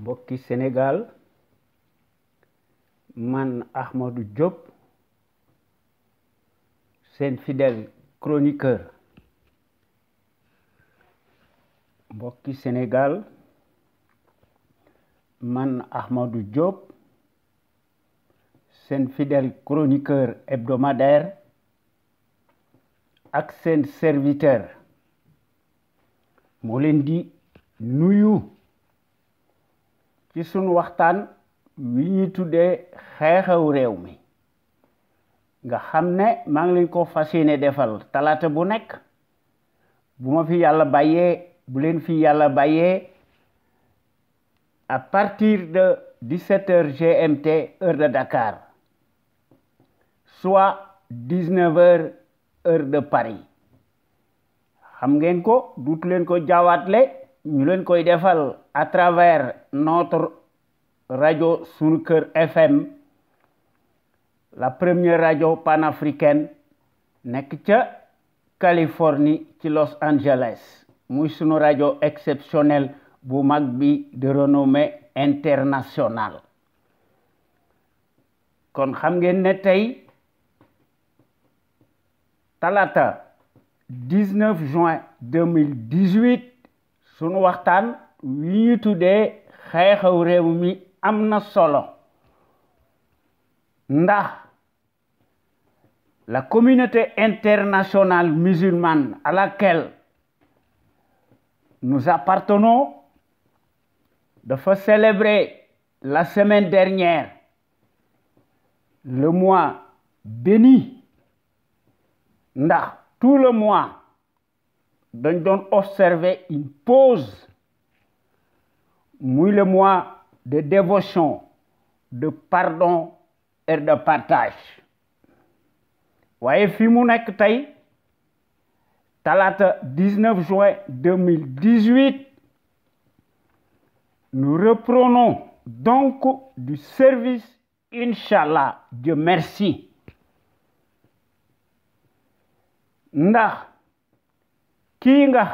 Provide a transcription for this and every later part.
mbokki Sénégal man Ahmadou Diop seen fidèle chroniqueur mbokki Sénégal man Ahmadou Diop seen fidel chroniqueur hebdomadaire ak seen serviteur moo leen nuyu ci sunu waxtaan wi ñuy tuddee xew réew mi nga xam ne maa ngi leen ko fas yéene defal talaata bu nekk bu ma fi yàlla bàyyee bu leen fi yàlla bàyyee à partir de 17 heures GMT heure de dakaar soit 19 heures heure de Paris xam ngeen ko duutu leen ko jaawaatle ñu leen koy defal à notre radio Sunker FM la première radio panafricaine Californie ci Los Angeles c'est une radio exceptionnelle bu de renommée internationale kon 19 juin 2018 sunu waxtan wi ñu la communauté internationale musulmane à laquelle nous appartenons dafa célébrer la semaine dernière le mois béni tout le mois dañ doon observer une pause le mois de dévotion, de pardon et de partage. Voyez, fi mu 19 juin 2018 nous reprenons donc du service inchallah Dieu merci Nda qui nga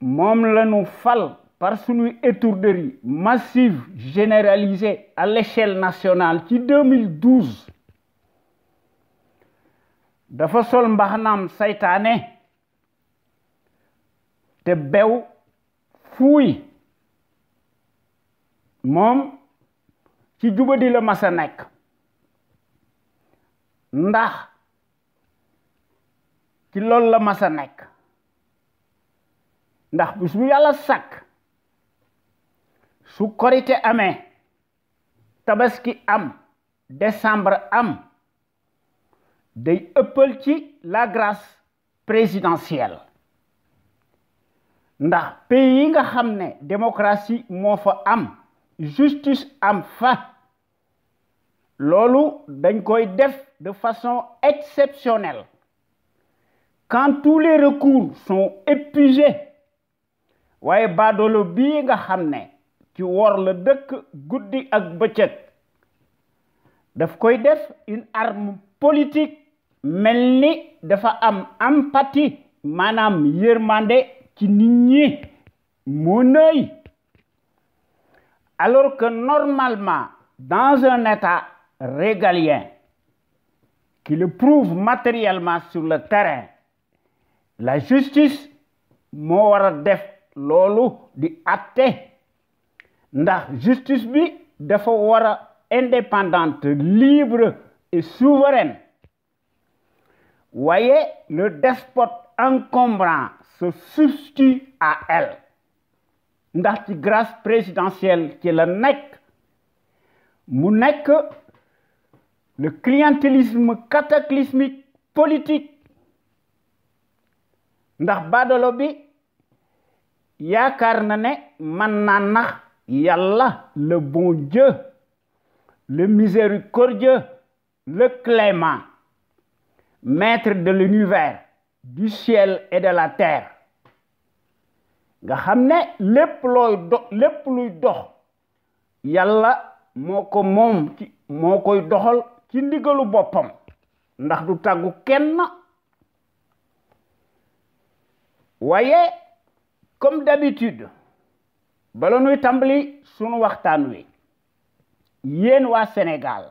moom la fal par suñuy étourderie massive généralisée à l'échelle nationale ci 2012 dafa sol mbaxanaam seytaane te bew fuuy moom ci di la mas nekk ndax ci loolu la mas a nekk ndax bis bu yàlla sàkk su korite amee tabaski am décembre am day ëppal ci la grâce présidentielle ndax pays yi nga xam ne démocratie moo fa am justice am fa loolu dañ koy def de façon exceptionnelle quand tous les recours sont épuisés waaye baadoolo bi nga xam ci wor la dëkk guddi ak beccet daf koy def une arme politique melni dafa am empathie manam yërmande ci nit ñi mo neuy alors que normalement dans un état régalien qui le prouve matériellement sur le terrain la justice mo wara def lolu di atte ndax justice bi dafa indépendante libre et souveraine Voyez, le despote encombrant se substitue à elle ndax grâce présidentielle qui la nekk mu le clientélisme cataclysmique politique ndax badolo bi Y'a na ne man naa nax le bon Dieu le miséricordieux le clément maître de l'univers du ciel et de la terre nga xam ne lépp looy dox lépp luy dox yàlla moo ko moom ci moo koy doxal ci ndigalu ndax du tàggu comme d'habitude bala nuy tàmbali sunu waxtaan wi yéen waa senegaal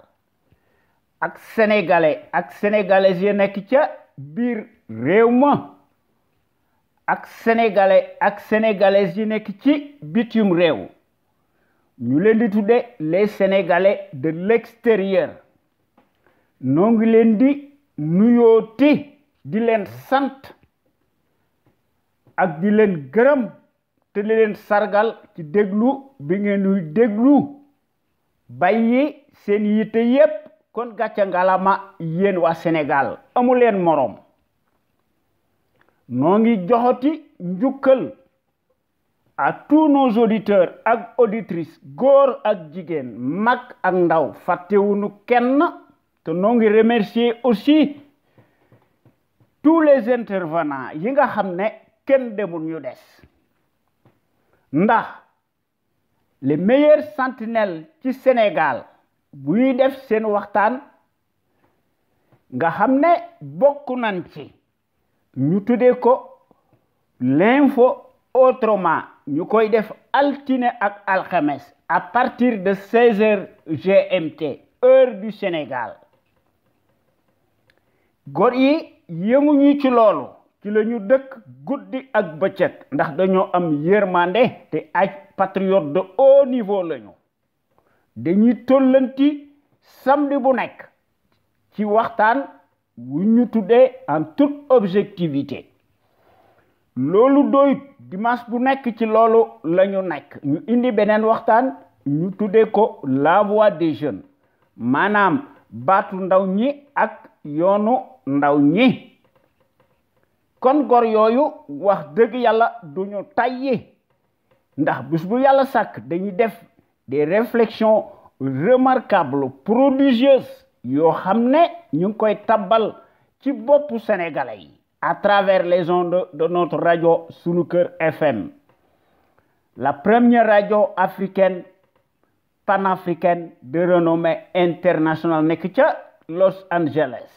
ak sénégalais ak sénégalaises yi nekk ca biir réew ma ak sénégalais ak sénégalaises yi nekk ci bitim réew ñu leen di tudde les sénégalais de l'extérieur noo ngi leen di nuyoo ti di leen sant ak di leen gërëm te leen sargal ci déglu bi ngeen nuy déglu yi seen yitte yépp kon gàcce ngalama yéen waa Sénégal amu leen moroom noo ngi joxoti njukkal à tous nos auditeurs ak auditrices góor ak jigéen mag ak ndaw fàttewuñu kenn te noo ngi remercier aussi tous les intervenants yi nga xam ne kenn demul ñu les meilleurs sentinelles du Sénégal buy def seen waxtaan nga xam bokku bokk nañ ci ñu l'info autrement ñu koy def altine ak alxames à partir de 16 h GMT heure du Sénégal góor yi yënguñu ci ci la ñu dëkk guddi ak bëccëg ndax dañoo am yërmande te ay patriot de haut niveau lañu dañuy tollanti samedi bu nekk ci waxtaan wu ñu tuddee en toute objectivité loolu doyut dimanche bu nekk ci loolu lañu nekk ñu indi beneen waxtaan ñu tuddee ko la voix des jeunes maanaam baatu ndaw ñi ak yoonu ndaw ñi kon gor yoyu wax deug yalla duñu tayé ndax bu dañuy def des réflexions remarquables prodigieuses yo xamné ñu koy tabal ci bop sénégalais à travers les ondes de notre radio Sunuker FM la première radio africaine panafricaine de renommée internationale nek Los Angeles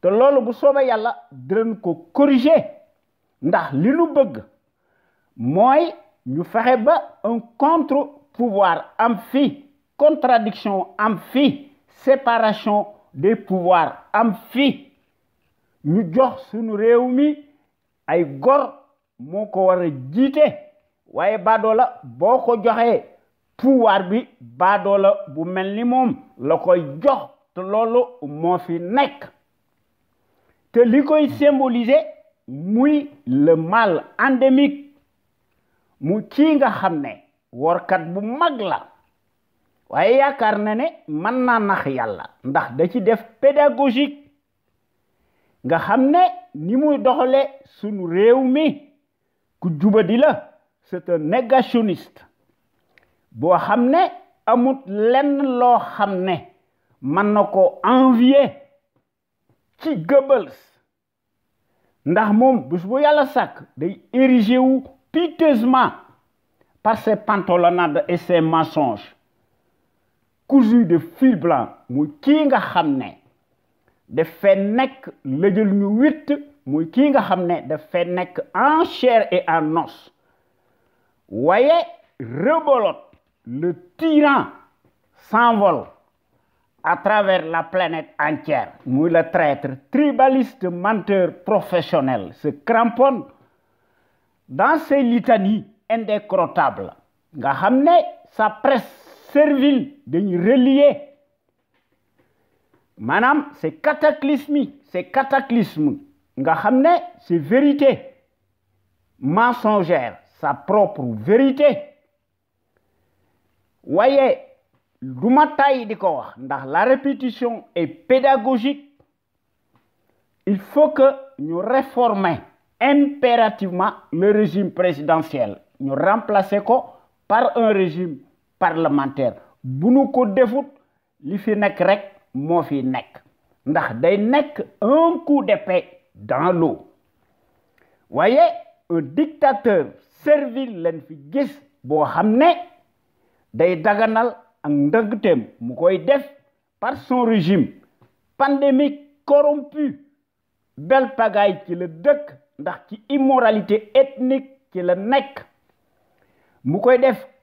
te loolu bu soobee yàlla dinañ ko corriger ndax li nu bëgg mooy ñu fexe ba un contre pouvoir am fii contradiction am fii séparation des pouvoirs am fii ñu jox suñu réew mi ay gor moo ko war a jiite waaye baadoola boo ko joxee pouvoir bi baadoola bu mel ni moom la koy jox te loolu moo fi nekk te li koy symboliser muy le mal endémique mu ki nga xamné waia workat bu mag la waaye yaakaar na nax yalla ndax da ci def pédagogique nga xamné ni muy doxale sunu réew mi ku di la c'est un négationniste Bo xamné ne amut lenn lo xamné man nako envier qui Goebbels ndax moom bés bu yàlla sàkk day érigé wu piteusement par ses pantalonnades et ses mensonges cousus de fil blanc muy kii nga xam ne dafay nekk la ñu witt muy kii nga xam ne en chair et en os voyez, rebolote le tyran s'envole à travers la planète entière. où le traître, tribaliste, menteur professionnel, se cramponne dans ses litanies indécrottables. nga sa presse servile nous relier Madame, c'est cataclysmique c'est cataclysme nga c'est vérité mensongère sa propre vérité voyez la répétition est pédagogique il faut que nous réformer impérativement le régime présidentiel Nous remplacer ko par un régime parlementaire bu nous ko defut li fi rek fi un coup d'épée dans l'eau voyez, un dictateur servile len fi gis des xamné day daganal par son régime pandémique corrompu belle pagaille qui le duc ndax immoralité ethnique qui le nek mu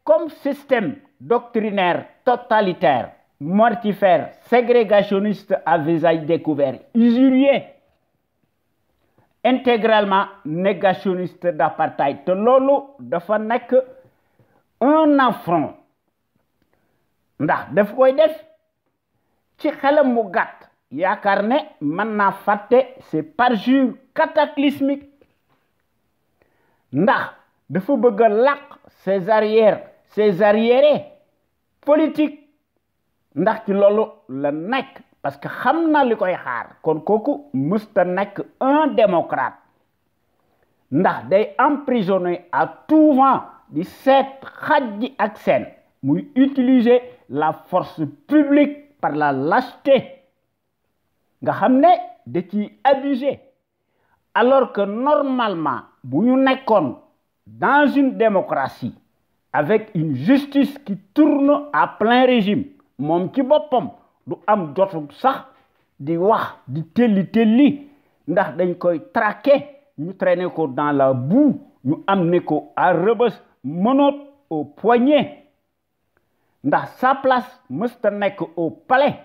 comme système doctrinaire totalitaire mortifère ségrégationniste à visage découvert usurier intégralement négationniste d'apartheid te de dafa un affront ndax daf koy def ci xelam mu gàtt yaakaar ne mën naa fàtte ces parjures cataclysmiques ndax dafa bëgg a làq ses arrières ses arrières politiques ndax ci loolu la nekk parce que xam na li koy xaar kon kooku musta nekk un démocrate ndax day emprisonné à tout vent di seet xaj ak seen muy utiliser la force publique par la lâcheté nga xamné des ci alors que normalement si nous dans une démocratie avec une justice qui tourne à plein régime nous ci des du am jotu sax di wax di telli telli ndax dañ koy traquer ñu traîner ko dans la boue ñu am ko à Rebeuss au poignet sa place mësta Nek au palais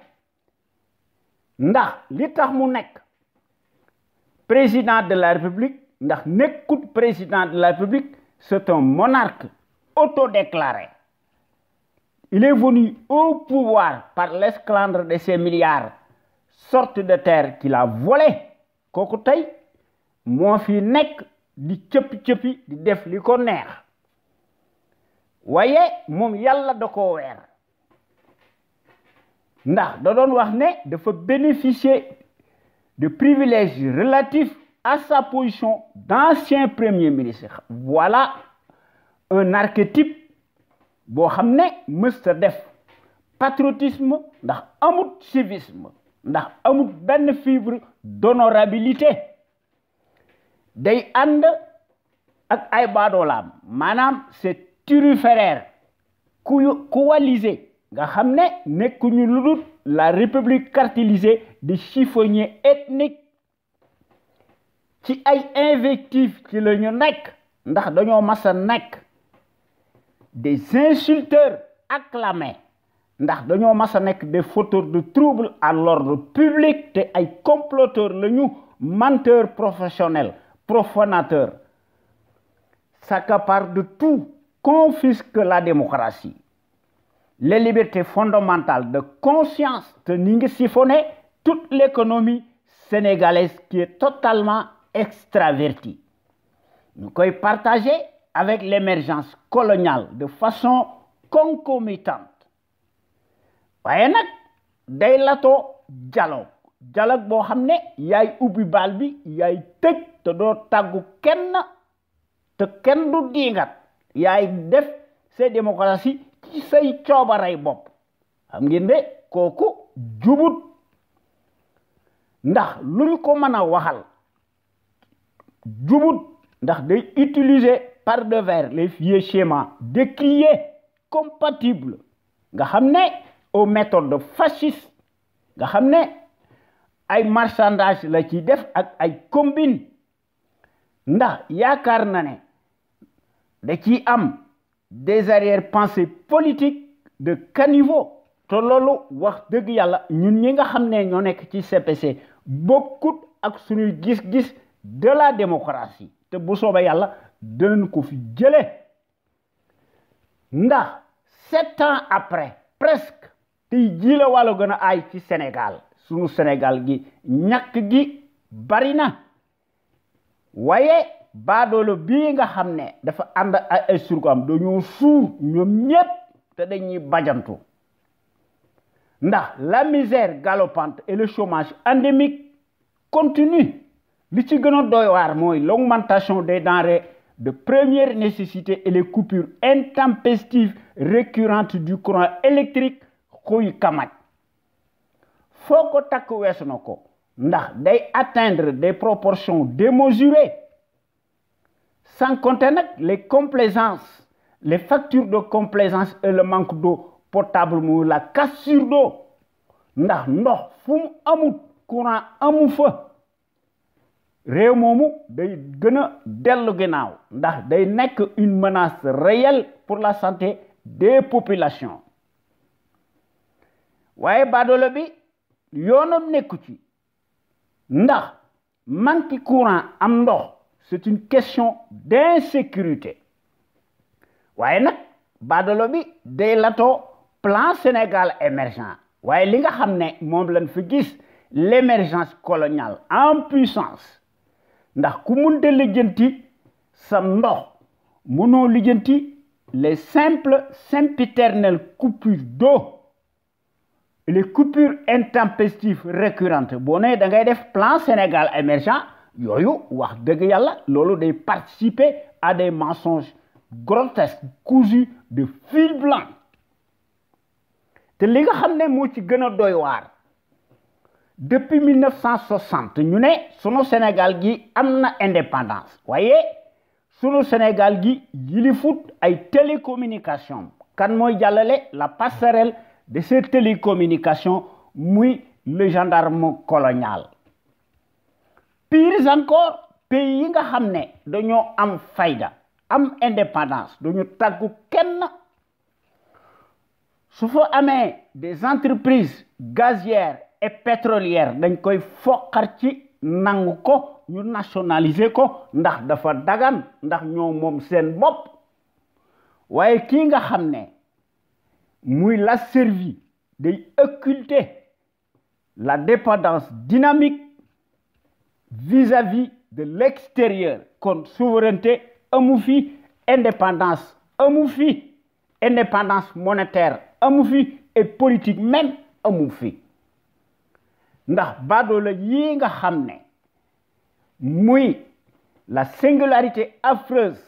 ndax li tax président de la république ndax nekkut président de la république c'est un monarque autodéclaré il est venu au pouvoir par l'esclandre de ses milliards sorte de terre qu'il a volé kooku tay mo fi nekk di du di waaye voyez, yalla dako koo ndax da doon wax ne dafa bénéficier de privilèges relatifs à sa position d'ancien premier ministre voilà un archétype bo xamné ne def patriotisme ndax amout civisme ndax amout ben fibre d'honorabilité day and ak ay lam Manam c'est turiféraire coalisé nga ne la république cartilisée des chiffonniers ethniques qui ay invectives qui des insulteurs acclamés ndax des fauteurs de troubles à l'ordre public des ay comploteurs lañu menteurs professionnels profanateurs s'accaparent de tout confisque la démocratie, les libertés fondamentales de conscience de Ningue toute l'économie sénégalaise qui est totalement extravertie. Nous pouvons partager avec l'émergence coloniale de façon concomitante. dialogue dialogue yaay def se demokrasi ci say coobaray bop xam ngeen de koku jubut ndax luñ ko mëna waxal jubut ndax day utiliser par devers les vieux schémas décriés compatibles nga xamné ne aux méthodes fascistes nga xamné ay marchandage la ci def ak ay combine ndax yaakaar na ne da qui am des arrière-pensées politiques de caniveau te lolo wax deug yalla ñun ñi nga ño nek ci CPC ak suñuy gis-gis de la démocratie te bu de ko fi sept ans après presque ti de la Sénégal Sénégal gi gi nga bajantu ndax la misère galopante et le chômage endémique continue li ci l'augmentation des denrées de première nécessité et les coupures intempestives récurrentes du courant électrique xuy kamaj pas ko Il nako ndax atteindre des proportions démesurées sans compter les complaisances les factures de complaisance et le manque d'eau potable ou la cassure d'eau Nous ndox fum mu courant amou fa réew des day gën Nous une menace réelle pour la santé des populations Ouais, badolobi, bi yoonam Nous ci ndax manque courant am c'est une question d'insécurité waaye nag baadalo bi plan Sénégal émergent vous li nga que ne l'émergence coloniale en puissance ndax ku munte lijjanti sa les simples sempiternelles coupures d'eau les coupures intempestives récurrentes boo nee da plan Sénégal émergent yooyu wax deug yalla loolu day participer à des mensonges grotesques cousus de fil blanc te li nga xamné mo ci gëna doy war depuis 1960 ñu né sunu Sénégal gi avons indépendance wayé sunu Sénégal gi foot ay télécommunication kan moy jallalé la passerelle de ces télécommunications muy le gendarme colonial pire encore pays yi nga xam dañu am fayda am indépendance duñu tàggu kenn su fa des entreprises gazières et pétrolières dañ koy foqar ci nangu ko ñu nationaliser ko ndax dafa dagan ndax ñoo mom sen bop waye ki nga xam muy la servi day occulter la dépendance dynamique vis-à-vis de l'extérieur comme souveraineté amoufi, indépendance amoufi, indépendance monétaire et politique même amoufi. la singularité affreuse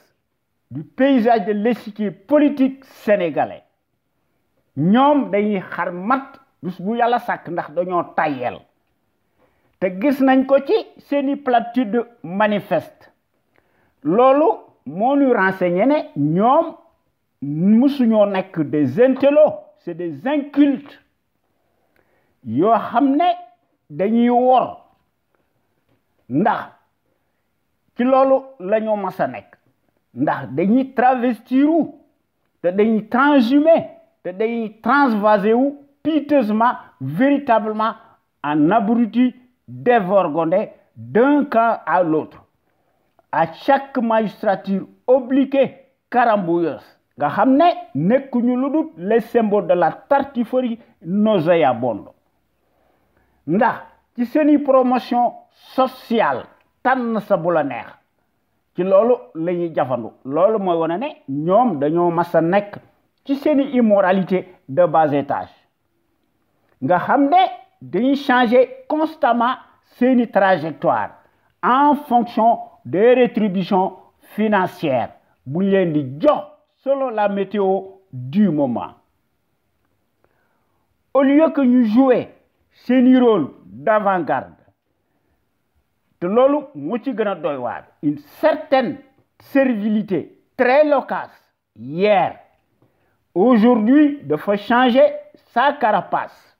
du paysage de l'échiquier politique sénégalais te gis nañ ko ci seeni platitude manifeste loolu renseigné ne que des intello, c'est des incultes yoo xam ne dañuy wor ndax ci loolu ndax dañuy te des te piteusement véritablement en abruti d'un camp à l'autre. À chaque magistrature obliquée carambouilleuse nga ne les symboles de la tartiforie nauséabonde ndax c'est une promotion sociale tant sa ci immoralité de bas étage nga de changer constamment ses trajectoire en fonction des rétributions financières selon la météo du moment au lieu que nous jouer ce rôle d'avant-garde une certaine servilité très loquace hier aujourd'hui faut changer sa carapace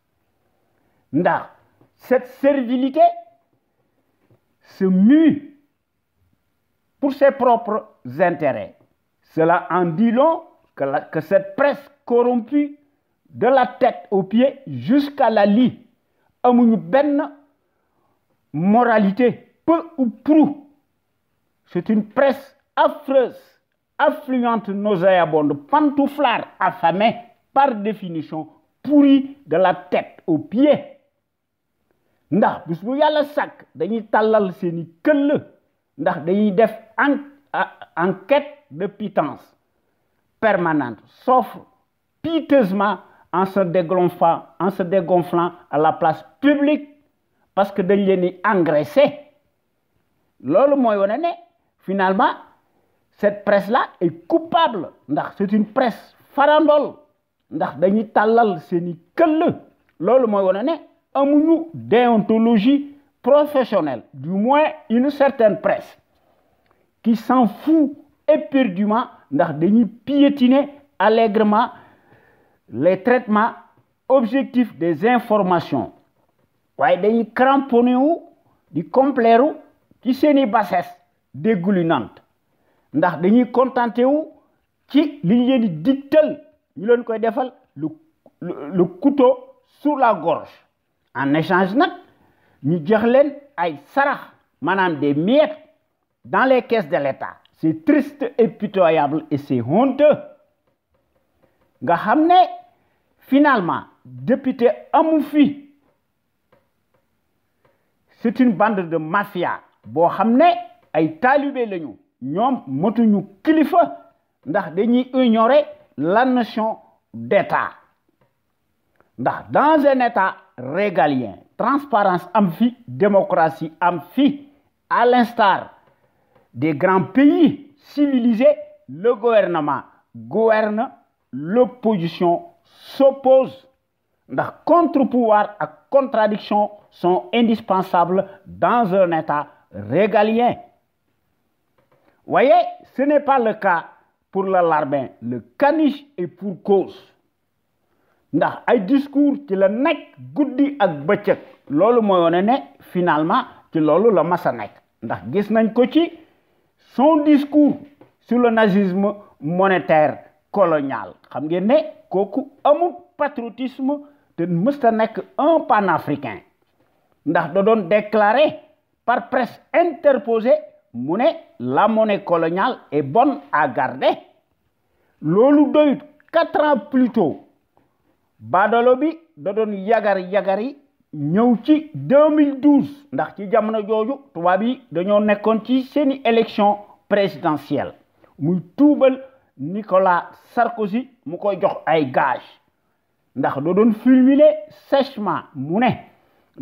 cette servilité se mue pour ses propres intérêts. Cela en dit long que, cette presse corrompue de la tête aux pieds jusqu'à la lit a une bonne moralité peu ou prou c'est une presse affreuse affluente nauséabonde pantouflard affamée par définition pourrie de la tête aux pieds ndax bis bu yàlla sàkk dañuy tàllal le. këll ndax dañuy def enquête de pitance permanente sauf piteusement en se dégonflant en se dégonflant à la place publique parce que dañ leen di engraisser loolu mooy wane finalement cette presse là est coupable ndax c'est une presse farandole ndax dañuy tàllal c'est këll loolu une déontologie professionnelle du moins une certaine presse qui s'en fout éperdument ndax dañuy piétiner allègrement les traitements objectifs des informations waaye dañuy cramponné ou di qui ci qui bassesse dégoulinante ndax dañuy contenté wu ci li ñu leen di digtal ñu koy défal le couteau sous la gorge en échange nous avons ay des miettes dans les caisses de l'État c'est triste et pitoyable et c'est honteux nga savez, finalement député Amoufi, c'est une bande de mafia Bo xam ay talibé lañu avons motuñu kilifa nous dañuy ignorer la notion d'État dans un état régalien transparence amphi, démocratie amphi, à l'instar des grands pays civilisés le gouvernement gouverne l'opposition s'oppose contre-pouvoir et contradiction sont indispensables dans un état régalien voyez ce n'est pas le cas pour le le caniche est pour cause ndax ay discours ci la nek guddi ak lolu moyone ne finalement ci lolu la ndax gis son discours sur le nazisme monétaire colonial xam ngeen ne patriotisme de un panafricain ndax déclaré par presse interposée mu la monnaie coloniale est bonne à garder loolu doyut quatre ans plus tôt BADOLOBI Dodon da yagari ñew 2012 ndax ci jamono joju tuba BI dañoo nekkon ci seni élection présidentielle muy Nicolas Sarkozy mu koy jox ay gage ndax do sèchement mu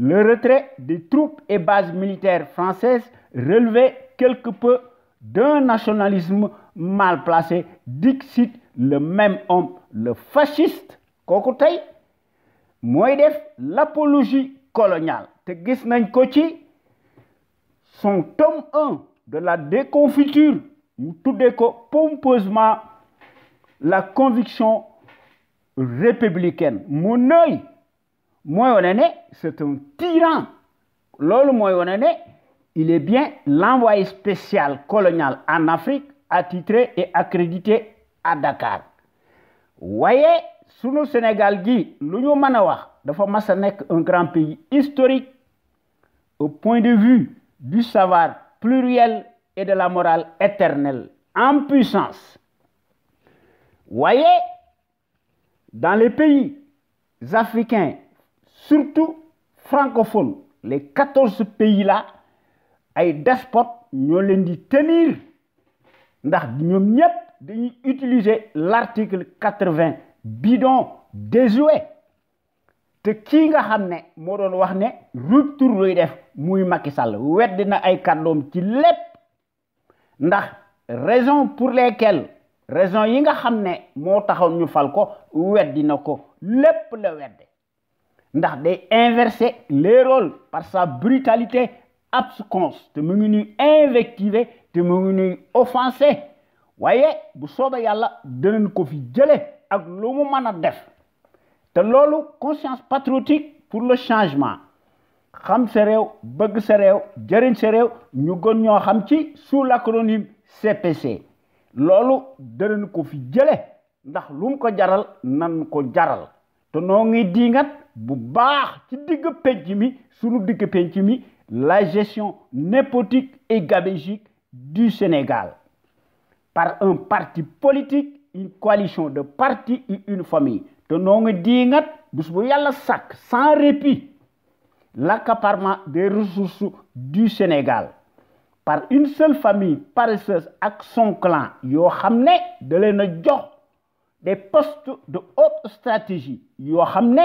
le retrait des troupes et bases militaires françaises relevait quelque peu d'un nationalisme mal placé dixit le même homme le fasciste l'apologie coloniale te gis son tome 1 de la déconfiture Tout tout ko pompeusement la conviction républicaine Mon œil, c'est un tyran loolu moy il est bien l'envoyé spécial colonial en Afrique attitré et accrédité à Dakar voyez le Sénégal gi lu un grand pays historique au point de vue du savoir pluriel et de la morale éternelle en puissance voyez, dans les pays africains surtout francophones les 14 pays là ay despotes ñoo di tenir ndax utiliser l'article 80 bidon désuet te ki nga mo doon wax rupture def muy Macky Sall na ay ci raison pour lesquelles raison yi nga mo ñu fal ko na ko ndax inverser les rôles par sa brutalité absconce te mu ngi ñuy invectiver te mu ngi ñuy offenser waaye bu ak lu mu mën a def te loolu conscience patriotique pour le changement xam sa réew bëgg sa réew jëriñ sa réew ñu gën ñoo xam ci sous l'acronyme CPC loolu danañ ko fi jële ndax lu mu ko jaral nan ko jaral te noo ngi diingat bu baax ci digg penc mi sunu digg penc mi la gestion népotique et gabégique du Sénégal par un parti politique une coalition de partis et une famille te noo ngi sans répit l'accaparement des ressources du Sénégal par une seule famille paresseuse avec son clan Nous avons de' des postes de haute stratégie Nous avons amené,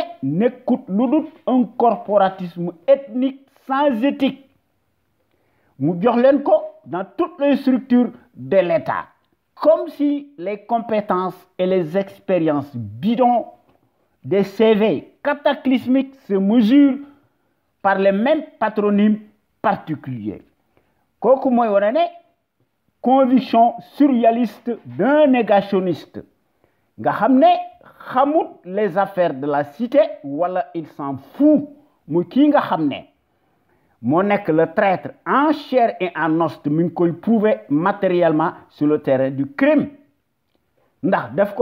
un corporatisme ethnique sans éthique dans toutes les structures de l'État comme si les compétences et les expériences bidons des CV cataclysmiques se mesurent par les mêmes patronymes particuliers. Kokou conviction surréaliste d'un négationniste nga xam les affaires de la cité voilà il s'en fout moo le traître en chair et en os de Munkoï, matériellement sur le terrain du crime ndax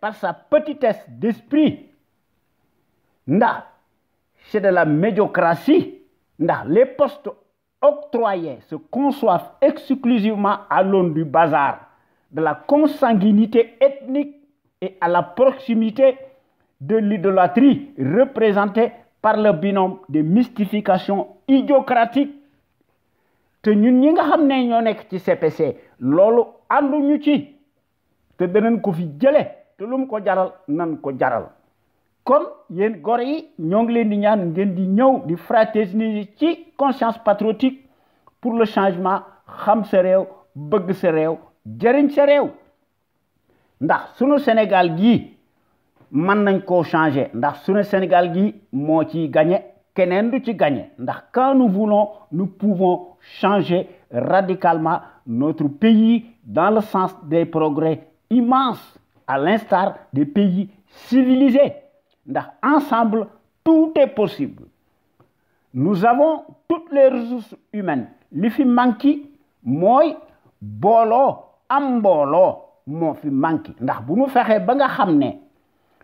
par sa petitesse d'esprit c'est de la médiocratie Nda, les postes octroyés se conçoivent exclusivement à l'aune du bazar de la consanguinité ethnique et à la proximité de l'idolâtrie représentée par le binôme de mystification idiocratique te ñun ñi nga xamné nous ñoo ci CPC andu ñu ci te danañ ko fi jëlé te lu mu ko jaral nan ko jaral kon yeen gor yi leen conscience patriotique pour le changement xam sa rew bëgg sa rew Sénégal man nañ ko changer ndax le Sénégal gi mo ci gagné du ci ndax quand nous voulons nous pouvons changer radicalement notre pays dans le sens des progrès immenses à l'instar des pays civilisés ndax ensemble tout est possible nous avons toutes les ressources humaines li fi manqué moy bolo am mbooloo manqué ndax bu ñu ba nga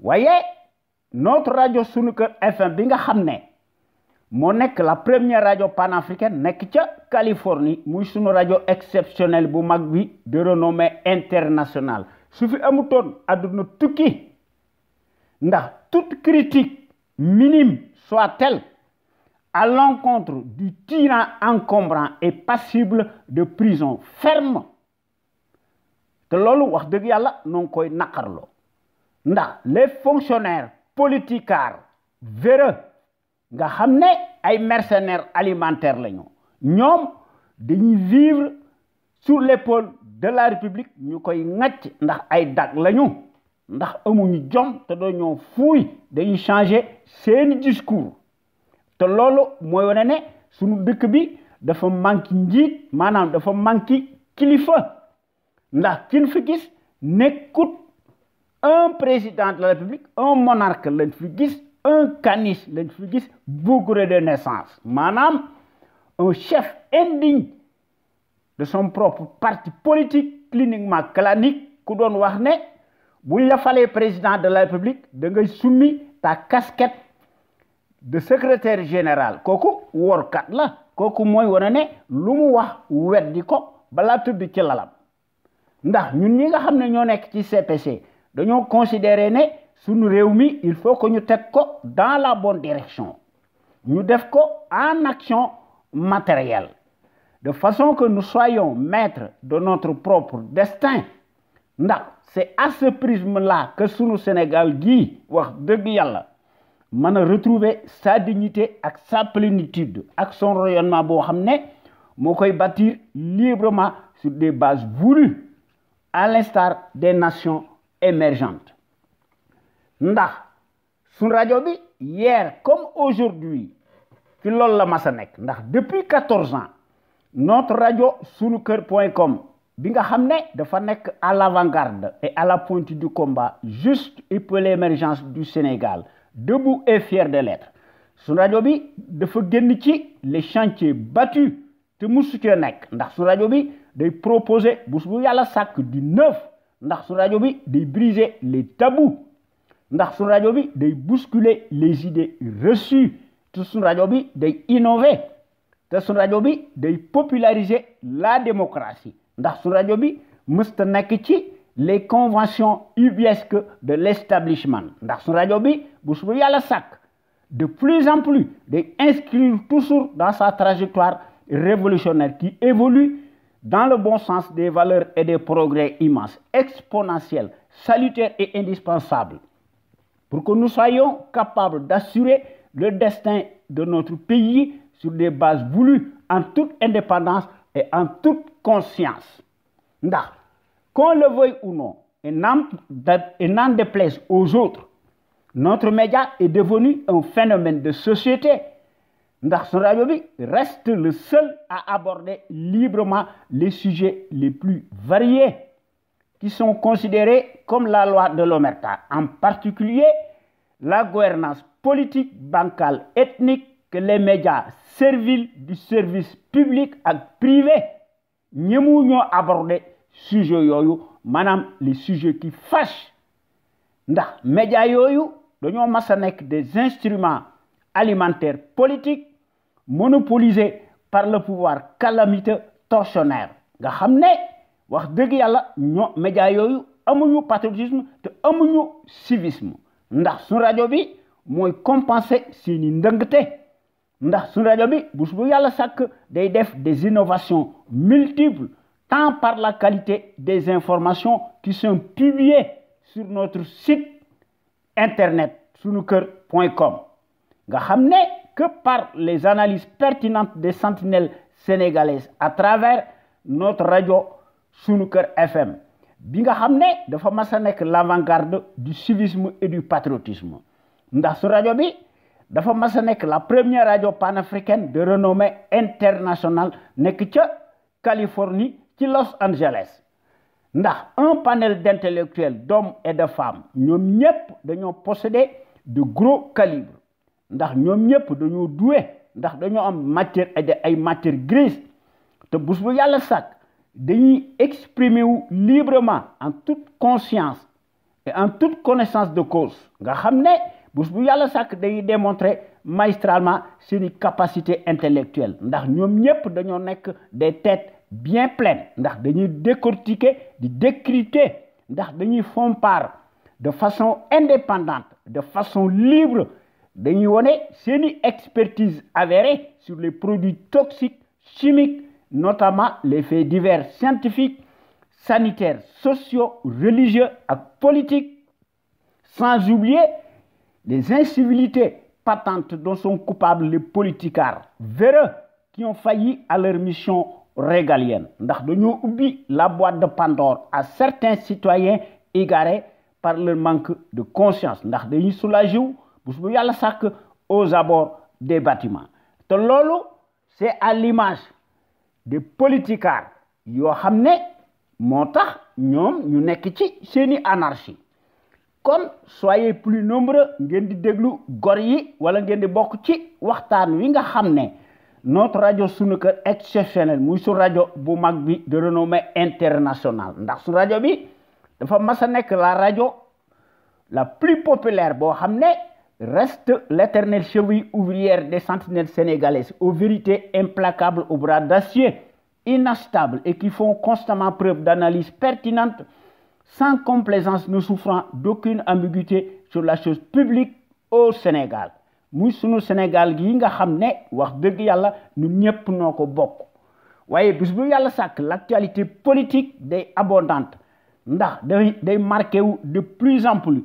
Voyez, notre radio Sunuk FM bi nga la première radio panafricaine nek Californie muy sunu radio exceptionnelle de renommée internationale su fi amutoon aduna tukki ndax toute critique minime soit-elle à l'encontre du tyran encombrant et passible de prison ferme te wax les fonctionnaires politiques véreux nga xamné mercenaires alimentaires lañu vivent vivre sur l'épaule de la république ñukoy ont ndax ay dag lañu ndax changer discours te lolu moy woné né suñu dëkk bi dafa manki njit manam dafa manqué kilifa un président de la République un monarque lañ un caniche lañ bougre de naissance Madame, un chef indigne de son propre parti politique cliniquement clanique ku doon wax ne buñ président de la République de ngay soumis ta casquette de secrétaire général kooku kat la Koku mooy wane ne lu mu wax weddi ko balaa tudd ci lalam ndax ñun ñi nga ci CPC dañoo considérer né nous réew réunis, il faut que nous teg dans la bonne direction Nous def ko en action matérielle de façon que nous soyons maîtres de notre propre destin ndax c'est à ce prisme-là que le Sénégal gii wax dëgg yàlla a retrouver sa dignité et sa plénitude et son rayonnement boo xam bâtir librement sur des bases voulues à l'instar des nations émergente ndax Sur radio bi hier comme aujourd'hui la depuis 14 ans notre radio, sunu le point à l'avant-garde et à la pointe du combat juste et pour l'émergence du Sénégal debout et fier de l'être sur rajo bi dafa les chantiers battus de musu cee nekk ndax bi day proposer vous bu yàlla du neuf ndax su rajo bi briser les tabous ndax su rajo bi bousculer les idées reçues te su rajo bi day innover te su rajo bi populariser la démocratie ndax su rajo bi musta nekk les conventions ubuesques de l'establishment ndax su rajo bi bu su yàlla de plus en plus day inscrire toujours dans sa trajectoire révolutionnaire qui évolue dans le bon sens des valeurs et des progrès immenses, exponentiels, salutaires et indispensables, pour que nous soyons capables d'assurer le destin de notre pays sur des bases voulues en toute indépendance et en toute conscience. Qu'on le veuille ou non, et n'en déplaise aux autres, notre média est devenu un phénomène de société ndax Sorayovi reste le seul à aborder librement les sujets les plus variés qui sont considérés comme la loi de l'Omerta, en particulier la gouvernance politique, bancale, ethnique que les médias serviles du service public à privé Nous avons aborder sujet yoyu les sujets qui fâchent ndax médias yoyu des instruments alimentaires politiques monopolisé par le pouvoir calamiteux tortionnaire nga xamné wax deug yalla média patriotisme te amuñu civisme ndax radio bi moy compenser bi des innovations multiples tant par la qualité des informations qui sont publiées sur notre site internet sunuker.com nga que par les analyses pertinentes des sentinelles sénégalaises à travers notre radio Sunuker FM bi nga de l'avant-garde du civisme et du patriotisme ndax ce radio de dafa la première radio panafricaine de renommée internationale nekk Californie ci Los Angeles ndax un panel d'intellectuels d'hommes et de femmes nous ñëpp possédé posséder de gros calibres ndax ñoom ñëpp dañoo doué ndax dañoo am matière ay matière grise te bés bu yàlla sàkk dañuy exprimer librement en toute conscience et en toute connaissance de cause nga xam ne bés bu dañuy démontrer magistralement seeni capacité intellectuelle ndax ñoom ñëpp dañoo nekk des têtes bien pleines ndax dañuy décortiquer di décrypter ndax dañuy font part de façon indépendante de façon libre dañuy une expertise avérée sur les produits toxiques chimiques notamment les faits divers scientifiques sanitaires sociaux religieux et politiques sans oublier les incivilités patentes dont sont coupables les politicards véreux qui ont failli à leur mission régalienne ndax oublie la boîte de Pandore à certains citoyens égarés par leur manque de conscience ndax dañuy soulagé bés bu yalla sak aux abords des bâtiments te lolu c'est à l'image des politiciens yo xamné motax ñom ñu nekk ci seeni anarchie kon soyez plus nombreux ngeen di déglu gor yi wala ngeen di bok ci waxtaan wi nga xamné notre radio sunu kër exceptionnel muy su radio bu mag bi de renommée internationale ndax sun radio bi dafa massa nekk la radio la plus populaire bo xamné Reste l'éternelle cheville ouvrière des sentinelles sénégalaises, aux vérités implacables aux bras d'acier, inestables et qui font constamment preuve d'analyse pertinente, sans complaisance, ne souffrant d'aucune ambiguïté sur la chose publique au Sénégal. sommes au Sénégal qui nga wax Vous voyez, l'actualité politique est abondante ndax sommes marqués de plus en plus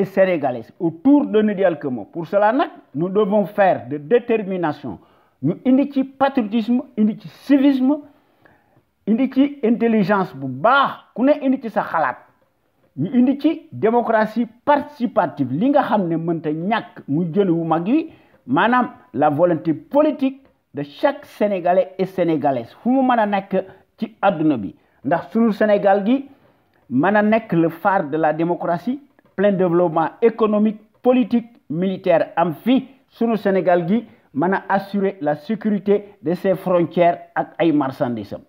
et autour de Ndiaye Kemo pour cela nous devons faire de détermination Nous indi ci patriotisme indi civisme indi ci intelligence bu baax ku indi démocratie participative li nga xam ne mënta ñàkk muy la volonté politique de chaque sénégalais et sénégalaise Pour mu mën a nekk ci Dans bi Sénégal gi le phare de la démocratie plein développement économique politique militaire am sous sunu Sénégal gi assuré a la sécurité de ses frontières ak ay marchandises am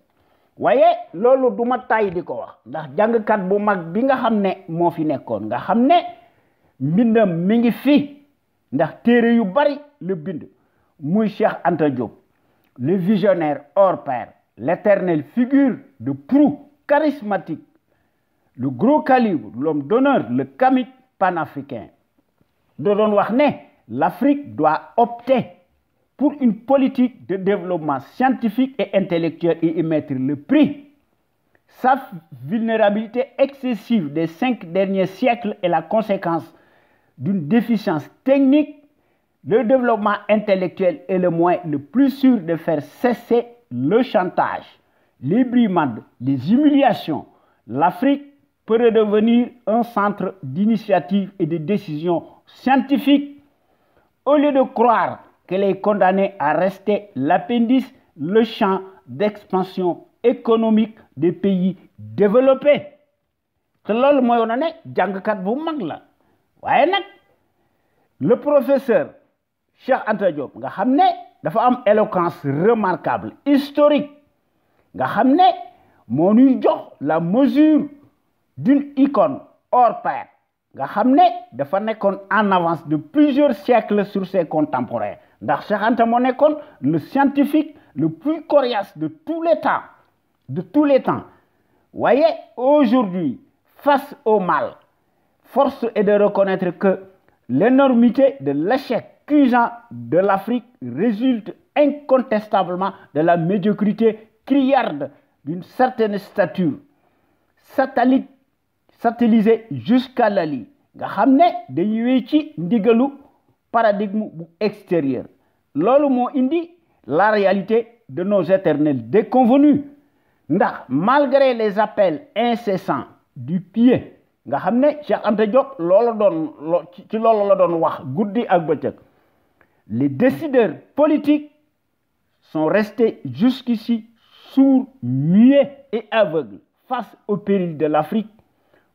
waaye loolu du ma tàyyi di ko wax ndax vous bu mag bi nga xam ne fi nekkoon nga xam le mbindam mi ngi fii ndax yu bari bind Anta Diop le visionnaire hors pair l'éternelle figure de proue charismatique le gros calibre l'homme d'honneur le kamik panafricain De l'Afrique doit opter pour une politique de développement scientifique et intellectuel et y mettre le prix sa vulnérabilité excessive des cinq derniers siècles est la conséquence d'une déficience technique le développement intellectuel est le moyen le plus sûr de faire cesser le chantage les brimades les humiliations l'Afrique peut devenir un centre d'initiative et de décision scientifique au lieu de croire qu'elle est condamnée à rester l'appendice, le champ d'expansion économique des pays développés C'est ce que je veux le professeur Cheikh Anta Diop nga fait éloquence remarquable historique Il a fait la mesure d'une icône hors pair nga xamné dafa nekkoon en avance de plusieurs siècles sur ses contemporains ndax Cheikh le scientifique le plus coriace de tous les temps de tous les temps Voyez, aujourd'hui face au mal force est de reconnaître que l'énormité de l'échec cuisant de l'Afrique résulte incontestablement de la médiocrité criarde d'une certaine stature satellite satellisé jusqu'à Lali nga xamné dañuy wé ci paradigme bu extérieur lolu mo indi la réalité de nos éternels déconvenus malgré les appels incessants du pied nga Cheikh ci la wax ak les décideurs politiques sont restés jusqu'ici sourds, muets et aveugles face au péril de l'Afrique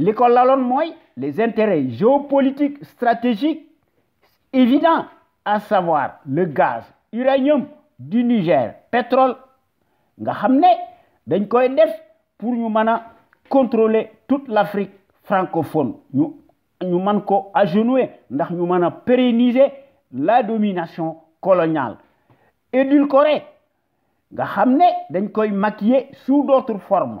L'école les intérêts géopolitiques stratégiques évidents à savoir le gaz uranium du Niger pétrole nous avons pour contrôler toute l'Afrique francophone Nous ñu fait ko agenouer ndax pérenniser la domination coloniale Et nga Corée, fait maquiller sous d'autres formes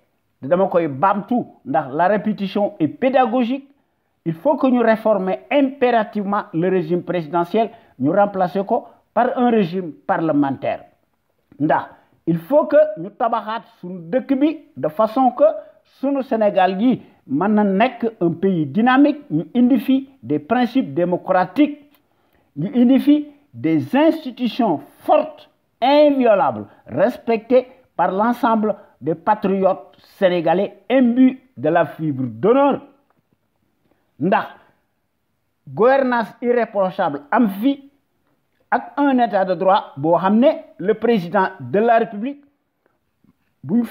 la répétition est pédagogique il faut que nous réformions impérativement le régime présidentiel Nous remplacer par un régime parlementaire il faut que nous travaillions suñu de façon que le Sénégal qui est un pays dynamique nous indi des principes démocratiques nous indi des institutions fortes inviolables respectées par l'ensemble des patriotes sénégalais imbus de la fibre d'honneur une gouvernance irréprochable am un état de droit pour amener le président de la république buñ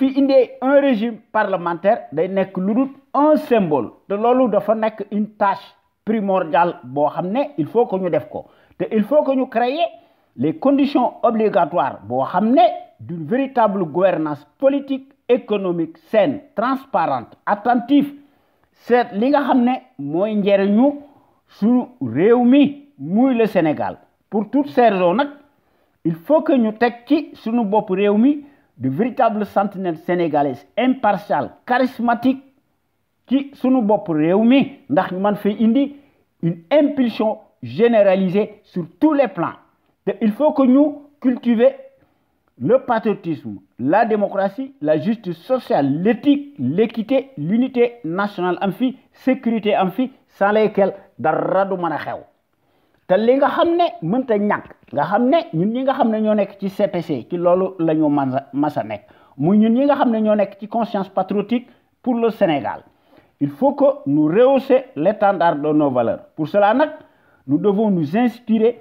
un régime parlementaire day nek un symbole de loolu dafa une tâche primordiale pour amener. il faut que nous def il faut que nous créer les conditions obligatoires pour ramener d'une véritable gouvernance politique économique saine transparente attentive c'est ce que nous avons fait pour réunir le Sénégal pour toutes ces raisons il faut que nous ayons ci de véritable sentinelle sénégalaise impartiales, charismatique qui, suñu bopp une impulsion généralisée sur tous les plans il faut que nous cultiver le patriotisme la démocratie la justice sociale l'éthique l'équité l'unité nationale am sécurité en sans lesquelles dara du mën xew te li nga xam ne mënta ñàkk nga xam ñun ñi nga xam ño nek ci CPC ci loolu lañu ñu nekk muy ñun ñi nga xam ño nek ci conscience patriotique pour le Sénégal il faut que nous rehausser l'étendard de nos valeurs pour cela nak nous devons nous inspirer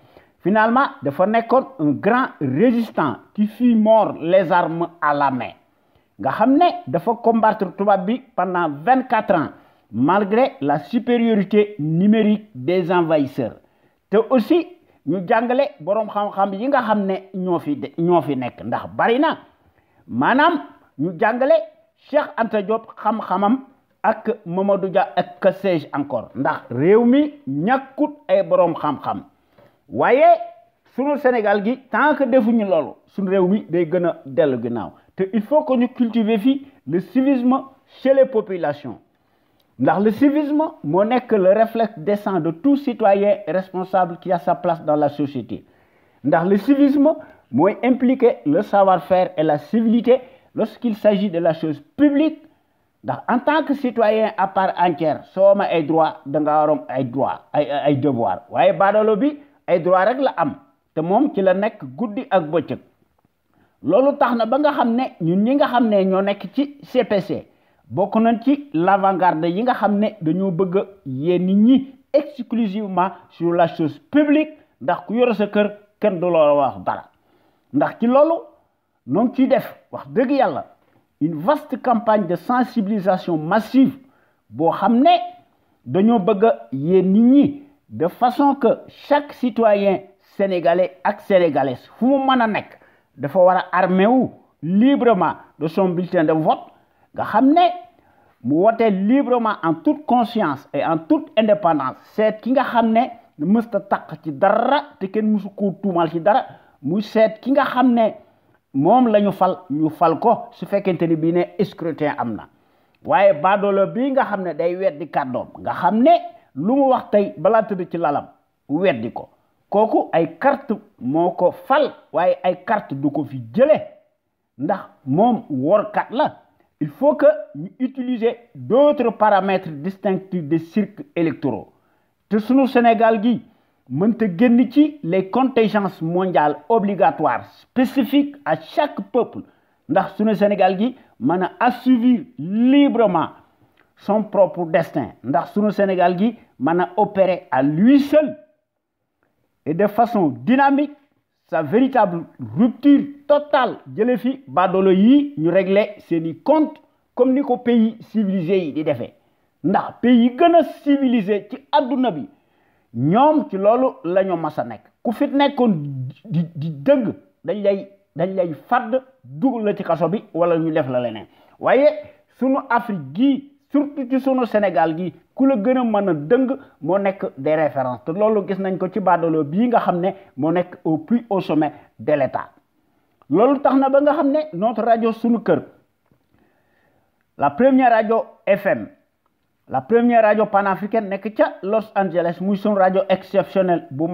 Finalement, fa nekkoon un grand résistant qui fit mort les armes à la main nga xam da fa combattre tubaab bi pendant 24 ans malgré la supériorité numérique des envahisseurs te aussi ñu jàngale borom xam-xam yi nga xam ño fi ño fi nekk ndax bari na maanaam ñu jàngale Cheikh Anta Diop xam-xamam ak Mamadou Dia ak que encore ndax réew mi ñàkkut ay borom xam-xam. Voyez, sur le Sénégal tant que nous loolu sunu nous mi day gën a il faut que nous cultivions le civisme chez les populations ndax le civisme c'est que le réflexe décent de tout citoyen responsable qui a sa place dans la société ndax le civisme c'est impliquer le savoir-faire et la civilité lorsqu'il s'agit de la chose publique en tant que citoyen à part entière nous avons ay droit da nga waroon ay droit ay ay devoir waaye de lobby ay droit rek la am te mom ci la nek goudi ak bëccëg lolou taxna ba nga xamne ne ñun ñi nga xamne ne nek ci CPC bokku nañ ci l'avant-garde yi nga xamne ne bëgg a ñi exclusivement sur la chose publique ndax ku yoro sa kër kenn du lo wax dara ndax ci lolou non ci def wax deug yalla une vaste campagne de sensibilisation massive bo xamne ne bëgg a nit ñi de façon que chaque citoyen sénégalais et sénégalais, fu mananek de pouvoir librement de son bulletin de vote nga xamné librement en toute conscience et en toute indépendance C'est ki nga ne tak ci dara te ko ci dara nga ne lañu fal ñu fal ko su scrutin nga lu wax tay bala tëdd ci lalam weddiko ko ay carte moko fal waye ay carte du ko fi jele ndax wor kat la il faut que ñu utiliser d'autres paramètres distinctifs des cirques électoraux te sunu Sénégal gi mënta génn ci les contingences mondiales obligatoires spécifiques à chaque peuple ndax sunu Sénégal gi mën a assouvir librement son propre destin ndax sunu Sénégal gi mën opérer à lui seul et de façon dynamique sa véritable rupture totale jëlé fi badolo yi ñu régler seeni compte comme niko pays civilisé yi di défé. ndax pays yi gën civilisé ci aduna bi ñom ci lolu lañu ñu nek. ku fit nekkon di di dëgg dañ lay dañ lay fad dugg la ci kaso bi wala ñu def la leneen waaye sunu Afrique gi surtout au Sénégal gi la a des références loolu gis nañ ko ci au plus haut sommet de l'État loolu tax ba nga notre radio sunu la première radio FM la première radio panafricaine Los Angeles muy sommes une radio bu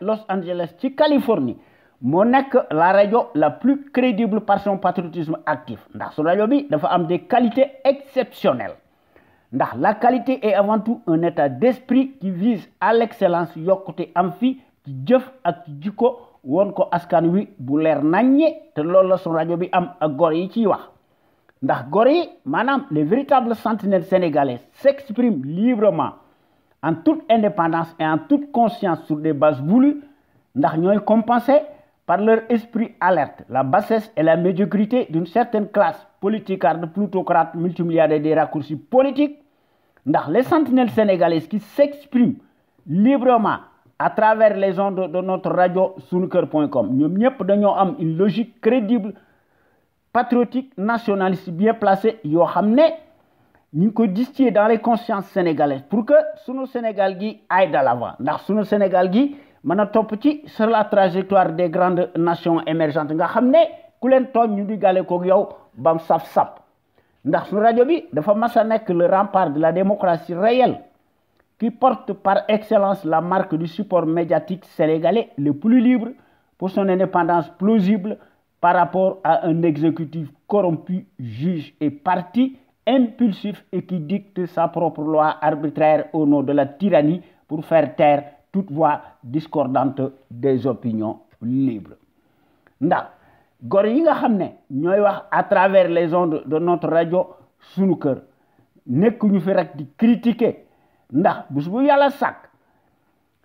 Los Angeles Californie moo la radio la plus crédible par son patriotisme actif Dans son radio bi dafa des qualités exceptionnelles la qualité est avant tout un état d'esprit qui vise à l'excellence de côté fi ci jëf ak ci jikko woon ko askan wi bu te la bi am les véritables sentinelles sénégalais s'expriment librement en toute indépendance et en toute conscience sur des bases voulues ndax compensé. compensé par leur esprit alerte, la bassesse et la médiocrité d'une certaine classe politique, politicarde, plutocrate, multimilliardaire des raccourcis politiques, dans les sentinelles sénégalaises qui s'expriment librement à travers les ondes de notre radio sunker.com. Nous avons une logique crédible, patriotique, nationaliste, bien placée, nous avons amené ko dans les consciences sénégalaises pour que sunu Sénégal aille dans l'avant ndax Sénégal Maintenant, ci sur la trajectoire des grandes nations émergentes nga xamné yow bam ndax le rempart de la démocratie réelle qui porte par excellence la marque du support médiatique sénégalais le plus libre pour son indépendance plausible par rapport à un exécutif corrompu, juge et parti impulsif et qui dicte sa propre loi arbitraire au nom de la tyrannie pour faire taire toute voix discordante des opinions libres ndax gor à travers les ondes de notre radio, sunu critiquer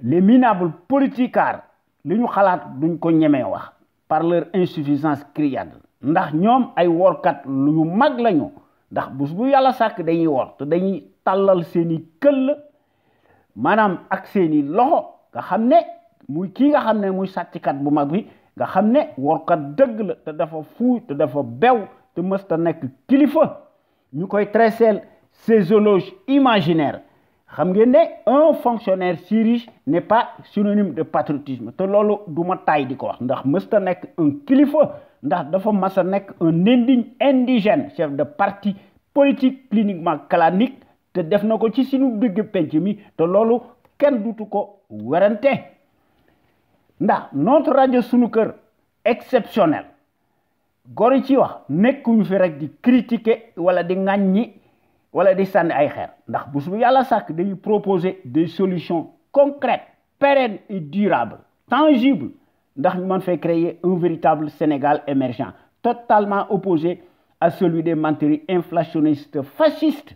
les minables politicards par leur insuffisance criade ndax ñom ay kat lu mag lañu ndax que nous avons dañuy wor dañuy manam ak seeni loxo nga xam ne muy kii nga xam ne muy sàcckat bu mag bi nga xam ne warkat dëgg la te dafa fuuy te dafa bew te mës ta nekk kilifa ñu koy treseel séseologe imaginaire xam ngeen ne un fonctionnaire si riche n'est pas synonyme de patriotisme te loolu du ma taay di ko wax ndax mës ta nekk un kilifa ndax dafa mas a nekk un indigne indigène chef de parti politique cliniquement clanique te def na ko ci sunu digg penc mi te loolu kenn dutu ko werante ndax notre radio sunu kër exceptionnel gor ne ci wax nekkuñu fi rek di critiquer wala di ŋàññi wala di sànni ay xeer ndax bu proposer des solutions concrètes pérennes et durables tangibles ndax ñu fait créer un véritable Sénégal émergent totalement opposé à celui des manteries inflationnistes fascistes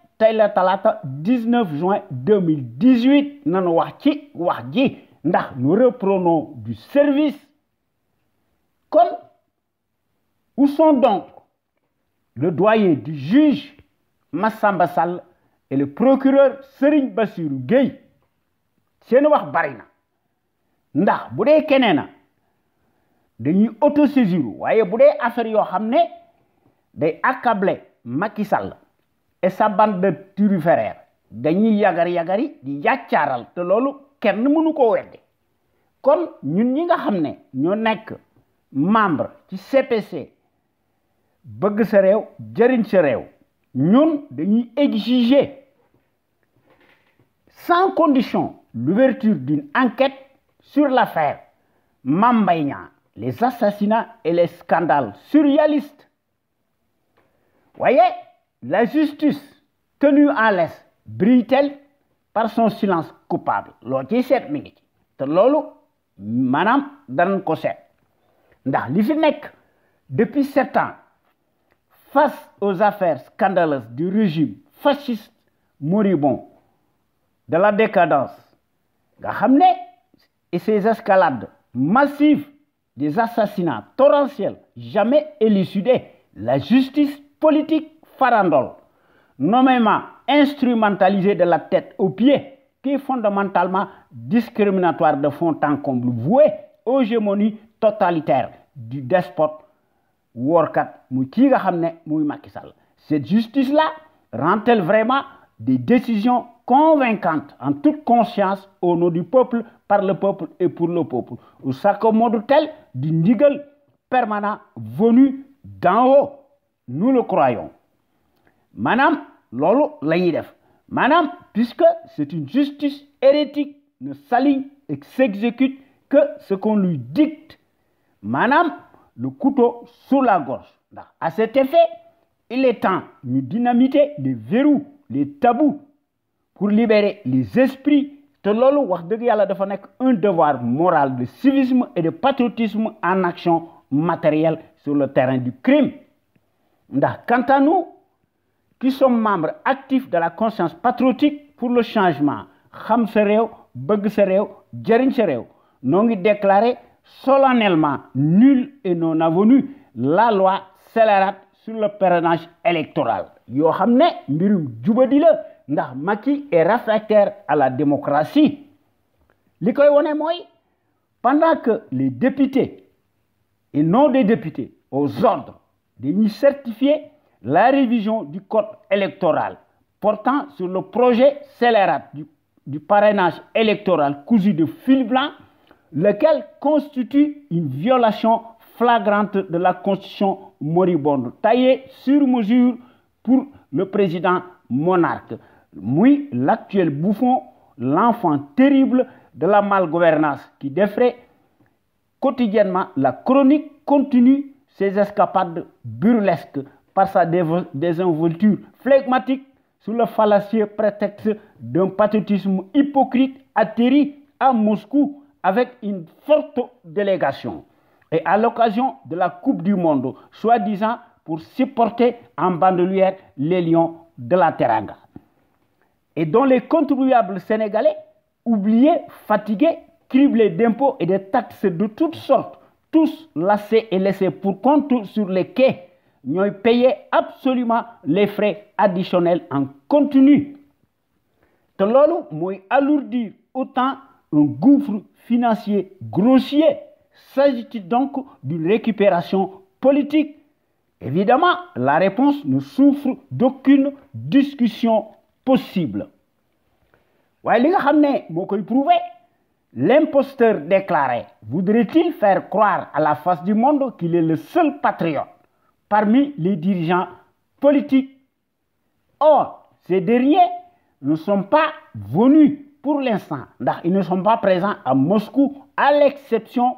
Le 19 juin 2018 nous reprenons du service comme où sont donc le doyen du juge Massamba Sall et le procureur Serigne Bassirou Gueye C'est wax Vous na ndax bu dee keneen auto-saisir, autosaisir waaye affaire Macky Sall et sa bande de turiféraires dañuy yagar-yagari di yacharal te loolu kenn mënu ko weddi kon ñun ñi nga ne CPC bëgg sa sans condition l'ouverture d'une enquête sur l'affaire Mambaïna, les assassinats et les scandales surréalistes voyez la justice tenue à l'aise brille-t-elle par son silence coupable L'autre est C'est depuis sept ans face aux affaires scandaleuses du régime fasciste moribond de la décadence nga et ses escalades massives des assassinats torrentiels jamais élucidés la justice politique farandole, nommément instrumentalisé de la tête aux pieds, qui est fondamentalement discriminatoire de fond en comble, voué aux hégémonies totalitaires du despote workat mu cette justice là rend-elle vraiment des décisions convaincantes en toute conscience au nom du peuple par le peuple et pour le peuple ou s'accommode-t-elle du ndigal permanent venu d'en haut nous le croyons Madame, puisque c'est une justice hérétique ne s'aligne et s'exécute que ce qu'on lui dicte Madame, le couteau sous la gorge A à cet effet il est temps de dynamiter les verrous les tabous pour libérer les esprits de Lolo wax dëgg yalla un devoir moral de civisme et de patriotisme en action matérielle sur le terrain du crime quant à nous qui sont membres actifs de la conscience patriotique pour le changement Kham Sereo, Beg Sereo, Djerin solennellement nul et non avenu la loi scélérate sur le parrainage électoral Yo savez, mirum que le la est réfractaire à la démocratie pendant que les députés et non des députés aux ordres nous certifier la révision du code électoral portant sur le projet scélérat du, parrainage électoral cousu de fil blanc, lequel constitue une violation flagrante de la constitution moribonde, taillée sur mesure pour le président monarque. Oui, l'actuel bouffon, l'enfant terrible de la malgouvernance qui défrait quotidiennement la chronique continue ses escapades burlesques par sa désinvolture flegmatique sous le fallacieux prétexte d'un patriotisme hypocrite atterrit à Moscou avec une forte délégation. Et à l'occasion de la Coupe du Monde, soi-disant pour supporter en bandelière les lions de la Teranga. Et dont les contribuables sénégalais, oubliés, fatigués, criblés d'impôts et de taxes de toutes sortes, tous lassés et laissés pour compte sur les quais nous payer absolument les frais additionnels en continu te ils ont alourdir autant un gouffre financier grossier s'agit-il donc d'une récupération politique Évidemment, la réponse ne souffre d'aucune discussion possible. li nga vous l'imposteur déclaré voudrait-il faire croire à la face du monde qu'il est le seul patriote parmi les dirigeants politiques. Or, ces derniers ne sont pas venus pour l'instant. Ils ne sont pas présents à Moscou, à l'exception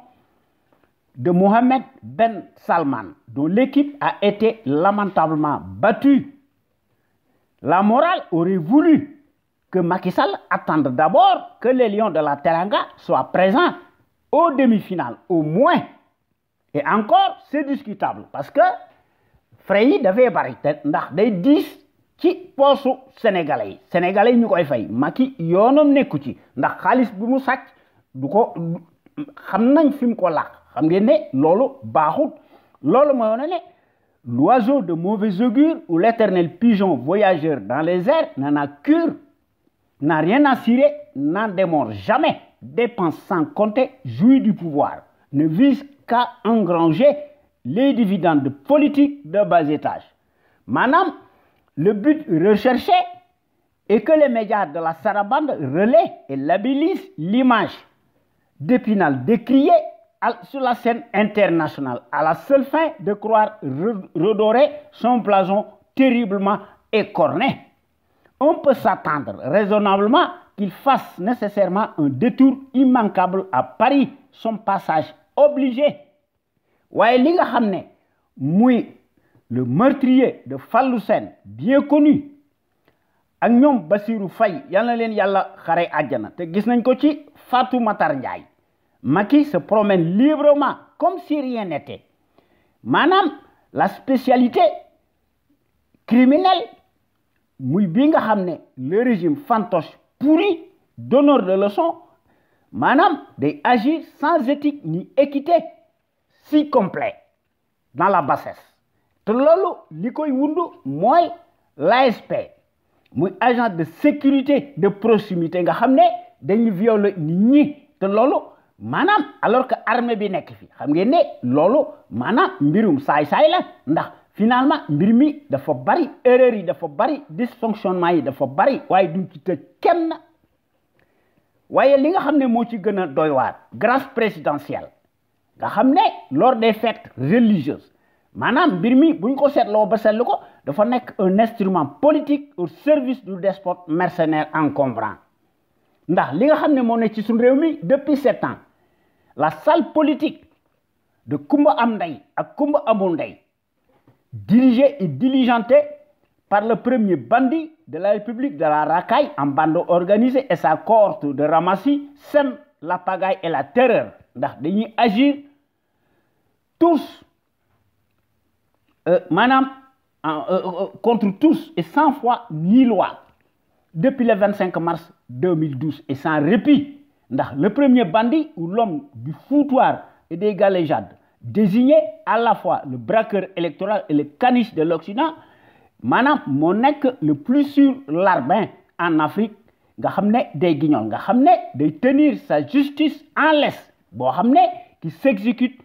de Mohamed Ben Salman, dont l'équipe a été lamentablement battue. La morale aurait voulu que Macky Sall attende d'abord que les Lions de la Teranga soient présents aux demi-finales, au moins. Et encore, c'est discutable parce que frais yi dafay bari te ndax day 10 ci poosu sénégalais sénégalais ñukoy fay maki yoonam neeku ci ndax xaliss bi mu du ko xamnañ fim ko xam ngeen ne lolu baaxut lolu mo ne l'oiseau de mauvais augure ou l'éternel pigeon voyageur dans les airs n'en a cure n'a rien à cirer n'en démord jamais dépensant sans compter jouit du pouvoir ne vise qu'à engranger les dividendes politiques de bas étage. Madame, le but recherché est que les médias de la Sarabande relaient et labellisent l'image d'Épinal décriée sur la scène internationale à la seule fin de croire redorer son blason terriblement écorné. On peut s'attendre raisonnablement qu'il fasse nécessairement un détour immanquable à Paris, son passage obligé Waye li nga xamné muy le meurtrier de Fallou Sen, bien connu ak ñom Bassirou Faye yal leen yalla xaré aljana te gis nañ ko ci Fatou Matar Ndiaye Macky se promène librement comme si rien n'était manam la spécialité criminelle muy bi nga xamné le régime fantoche pourri donneur de leçons manam day agir sans éthique ni équité si complet dans la bassesse te loolu li koy wund moi l'ASP agent de sécurité de proximité nga xam ne dañu violer nit ñi te alors que armée bi nek fi xam ngeen ne loolu manam mbirum say say la ndax finalement mbir mi dafa bari erreur yi dafa bari dysfonctionnement yi dafa bari waye duñ ci te kenn waye li nga xam ne moo ci gën a doy waar grâce présidentielle nga xam lors des fêtes religieuses maanaam Birmi, mi ko un instrument politique au service du despote mercenaire encombrant ndax li nga xam ne depuis sept ans la salle politique de Kumba Amdai ak Kumba dirigée et diligentée par le premier bandit de la République de la Rakaï, en bande organisée et sa cohorte de ramassis sème la pagaille et la terreur ndax dañuy agir tous euh, euh, euh, contre tous et sans fois ni loi depuis le 25 mars 2012 et sans répit le premier bandit ou l'homme du foutoir et des galéjades désigné à la fois le braqueur électoral et le caniche de l'Occident maanaam moo le plus sûr larbin en Afrique nga tenir sa justice en l'Est bo xamné qui s'exécute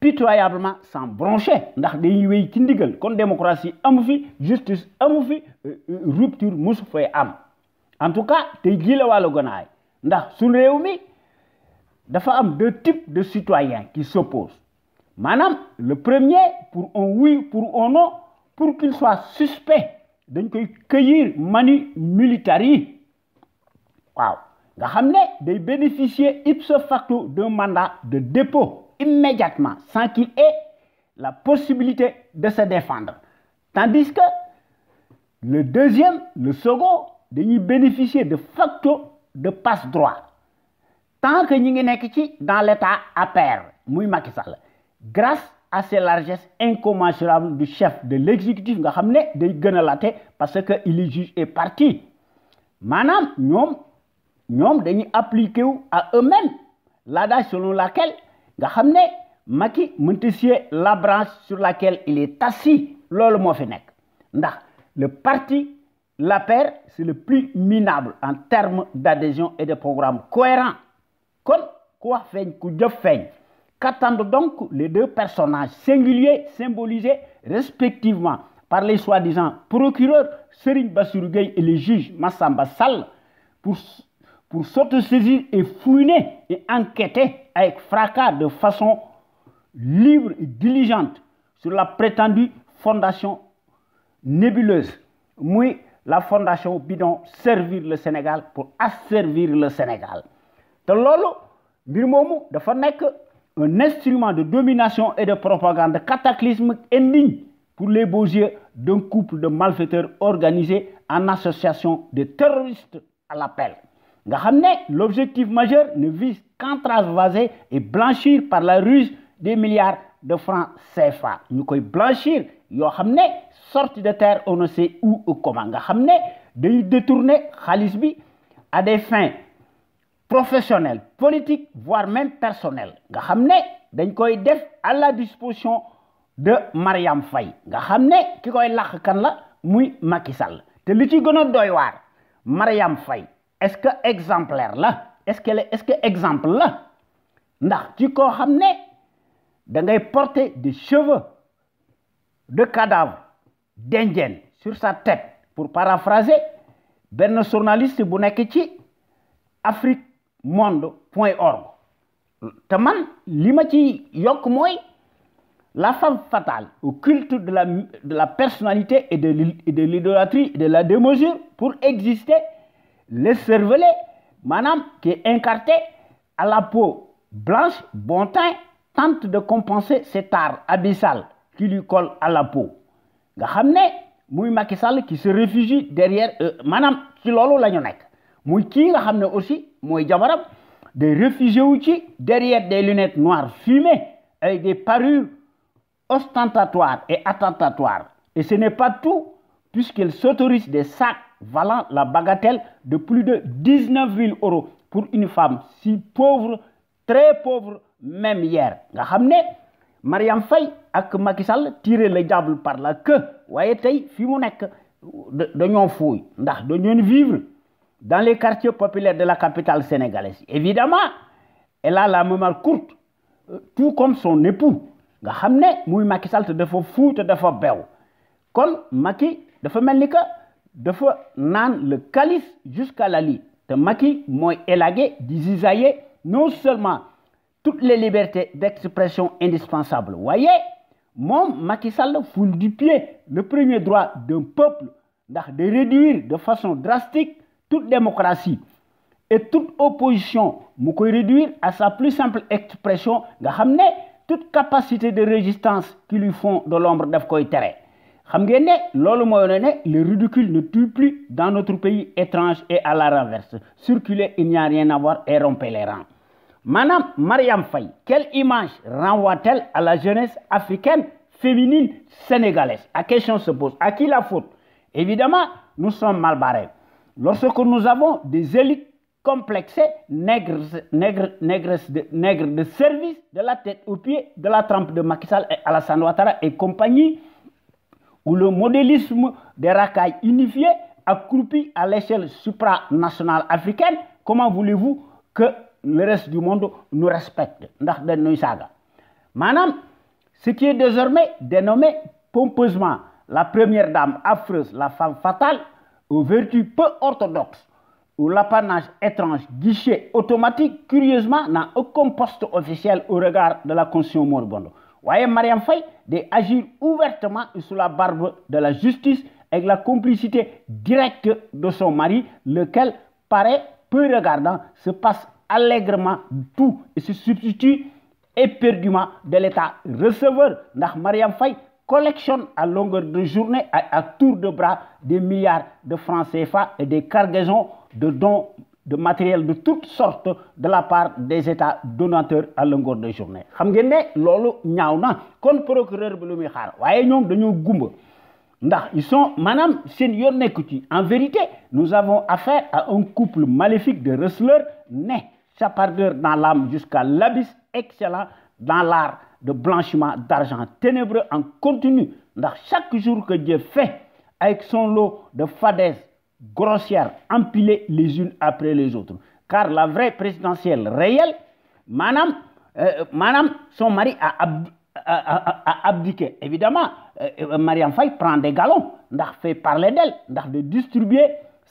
pitoyablement sans broncher ndax dañuy wéy ci ndigal kon démocratie amu fi justice amu fi euh, euh, rupture mosu fay am en tout cas tay jii la ndax sun réew mi dafa deux types de citoyens qui s'opposent manam le premier pour un oui pour un non pour qu'il soit suspect dañ koy cueillir manu militari nga des bénéficié bénéficier ipso facto d'un mandat de dépôt immédiatement sans qu'il ait la possibilité de se défendre tandis que le deuxième le second y bénéficier de facto de passe droit tant que nous sommes dans l'état à muy grâce à ces largesses incommensurables du chef de l'exécutif nga xam ne la parce que il est juge et parti nous sommes nous avons appliqué à eux-mêmes l'adage selon laquelle nga ont ne la branche sur laquelle il est assis lors le fi le parti la paire, c'est le plus minable en termes d'adhésion et de programme cohérent Comme quoi fait ku qu'attendent donc les deux personnages singuliers symbolisés respectivement par les soi-disant procureurs Serine Bassirou et le juge Massamba Sall pour pour saisir et fouiner et enquêter avec fracas de façon libre et diligente sur la prétendue fondation nébuleuse. Oui, la fondation bidon servir le Sénégal pour asservir le Sénégal. te loolu mbir de un instrument de domination et de propagande cataclysmique indigne pour les beaux yeux d'un couple de malfaiteurs organisés en association de terroristes à l'appel l'objectif majeur ne vise qu'en transvaser et blanchir par la ruse des milliards de francs CFA Nous pouvons blanchir yoo xam de terre on ne sait où ou comment nga pouvons détourner Khalisbi à des fins professionnelles politiques voire même personnelles nga pouvons nous dañ def à la disposition de Mariam Faye Nous pouvons ne ki koy la disposition Macky Sall li Mariam Faye est-ce que exemplaire est-ce que est-ce que exemple la ndax Tu ko xamné da ngay porter des cheveux de cadavre d'indienne sur sa tête pour paraphraser Bernard journaliste bu nek ci Afrique Monde Taman te ci la femme fatale au culte de la de la personnalité et de et de l'idolâtrie et de la démesure pour exister les cervelet madame qui est incarté à la peau blanche bon teint tente de compenser cet art abyssal qui lui colle à la peau nga Mouy qui se réfugie derrière euh, madame qui la aussi des réfugiés outils, derrière des lunettes noires fumées avec des parures ostentatoires et attentatoires et ce n'est pas tout puisqu'ils s'autorise des sacs valant la bagatelle de plus de 19 000 euros pour une femme si pauvre, très pauvre, même hier. nga savez, Mariam Faye et Macky Sall tiré le diable par la queue Vous tey fi mu nekk dañoo de ndax vivre dans les quartiers populaires de la capitale sénégalaise évidemment elle a la mémoire courte euh, tout comme son époux nga savez, que Macky Sall un dafa fuuy kon Macky dafa mel dafa naan le calice jusqu'à la lit te Macky moy élagué di non seulement toutes les libertés d'expression indispensables Voyez mon maki Sall foule du pied le premier droit d'un peuple ndax de réduire de façon drastique toute démocratie et toute opposition mou réduire à sa plus simple expression nga ramener toute capacité de résistance qui lui font de l'ombre daf koy xam le ridicule ne tue plus dans notre pays étrange et à la renverse circuler il n'y a rien à voir et romper les rangs Madame Mariam Faye quelle image renvoie-t-elle à la jeunesse africaine féminine sénégalaise la question se pose à qui la faute évidemment nous sommes mal barrés lorsque nous avons des élites complexées nègres nègres nègres de nègres de service de la tête aux pieds de la trempe de Macky Sall et Alassane Ouattara et compagnie où le modélisme des racailles unifiées accroupi à l'échelle supranationale africaine, comment voulez-vous que le reste du monde nous respecte Madame, ce qui est désormais dénommé pompeusement la première dame affreuse, la femme fatale, aux vertus peu orthodoxes, ou l'apanage étrange, guichet automatique, curieusement, n'a aucun poste officiel au regard de la Constitution moribonde. Voyez Mariam Faye d'agir ouvertement sous la barbe de la justice avec la complicité directe de son mari, lequel paraît peu regardant, se passe allègrement tout et se substitue éperdument de l'État receveur. Mariam Faye collectionne à longueur de journée, à tour de bras, des milliards de francs CFA et des cargaisons de dons de matériel de toutes sortes de la part des états donateurs à longueur de journée kon procureur de xaar ils sont Madame, en vérité nous avons affaire à un couple maléfique de wrestlers nés chapardeurs dans l'âme jusqu'à l'abysse excellent dans l'art de blanchiment d'argent ténébreux en continu chaque jour que Dieu fait avec son lot de fadaises grossières, empilées les unes après les autres. Car la vraie présidentielle réelle, madame, euh, madame son mari a, abdiqué. Évidemment, euh, euh, Marianne Fay prend des galons, a fait parler d'elle, a de distribuer